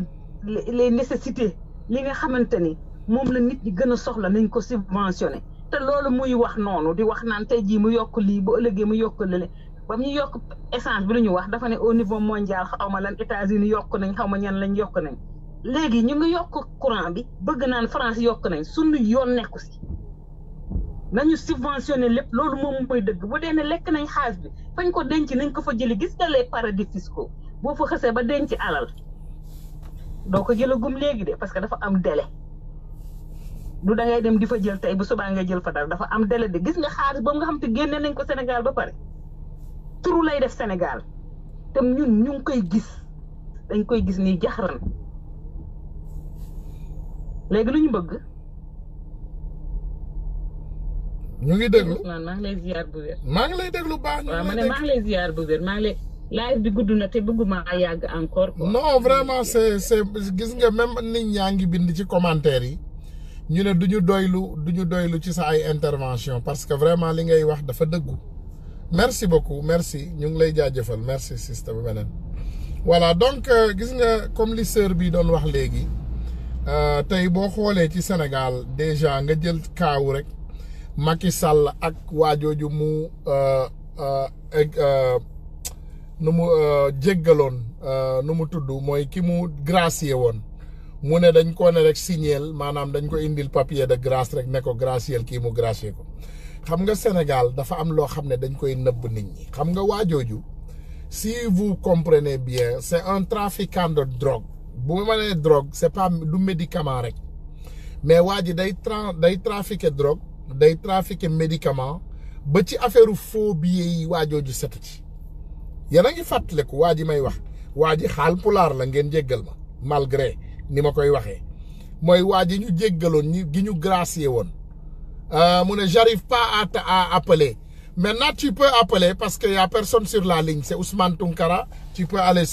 les nécessités li nga xamante ni moom la nit ñi gën a soxla nañ ko subventionner te loolu muy wax noonu di wax naan tey jii mu yokk lii bu ëllëgee mu yokk lële ba muy yokk essence bi lu ñu wax dafa ne au niveau mondial xaw ma lan États-Unis yokk nañ xaw ma ñan lañ yokk nañ léegi ñu ngi yokk courant bi bëgg naan France yokk nañ suñu yoon nekku si nañu subventionné lépp loolu moom mooy dëgg bu dee ne lekk nañ xaas bi fañ ko denc nañ ko fa jëli gis nga les paradis fiscaux boo fa xësee ba denc alal doo ko jëlagum léegi de parce que dafa am délai du da dem di fa jël tey bu subaa nga jël fa dara dafa am délai de gis nga xaalis boobu nga xam te génne nañ ko Sénégal ba pare. turu lay def Sénégal te ñun ñu ngi koy gis dañ koy gis nii jaxaran léegi lu ñu bëgg. ñu ngi déglu Ousmane maa ngi lay ziar bu wér. maa ngi lay déglu baax na. ma ne maa ngi lay ziar bu wér maa ngi lay live bi gudd na te bëgguma a yàgg encore. non vraiment c'est c'est gis nga même nit ñaa ngi bind ci commentaire yi ñu ne du ñu doylu du ñu doylu ci sa ay intervention parce que vraiment li ngay wax dafa dëggu. merci beaucoup merci ñu ngi lay jaajëfal merci sister bu beneen voilà donc euh, gis nga comme li sœur bi doon wax léegi euh, tey boo xoolee ci Sénégal déjà nga jël kaawu rek Macky Sall ak waajooju mu euh, nu mu jéggaloon nu mu tudd mooy ki mu gracier woon mu ne dañ ko ne rek signeel maanaam dañ ko indil papier de grâce rek ne ko gracier kii mu gracier ko xam nga Sénégal dafa am loo xam ne dañ koy nëbb nit ñi xam nga waajooju si vous comprenez bien c'est un trafiquant de drogue bu ma nee drogue c'est pas du médicament rek mais waa ji day tra day trafiquer drogue day trafiquer médicament ba ci affaire faux billets yi waajooju setu ci yéen a ngi fàttaliku waa ji may wax waa ji xaal pulaar la ngeen jéggal ma malgré ni ma koy waxee mooy waa ji ñu jéggaloon ñi gi ñu gracier woon euh, j'arrive pas à, appeler. Maintenant, tu peux appeler parce qu'il n'y a personne sur la ligne. C'est Ousmane Tunkara. Tu peux aller.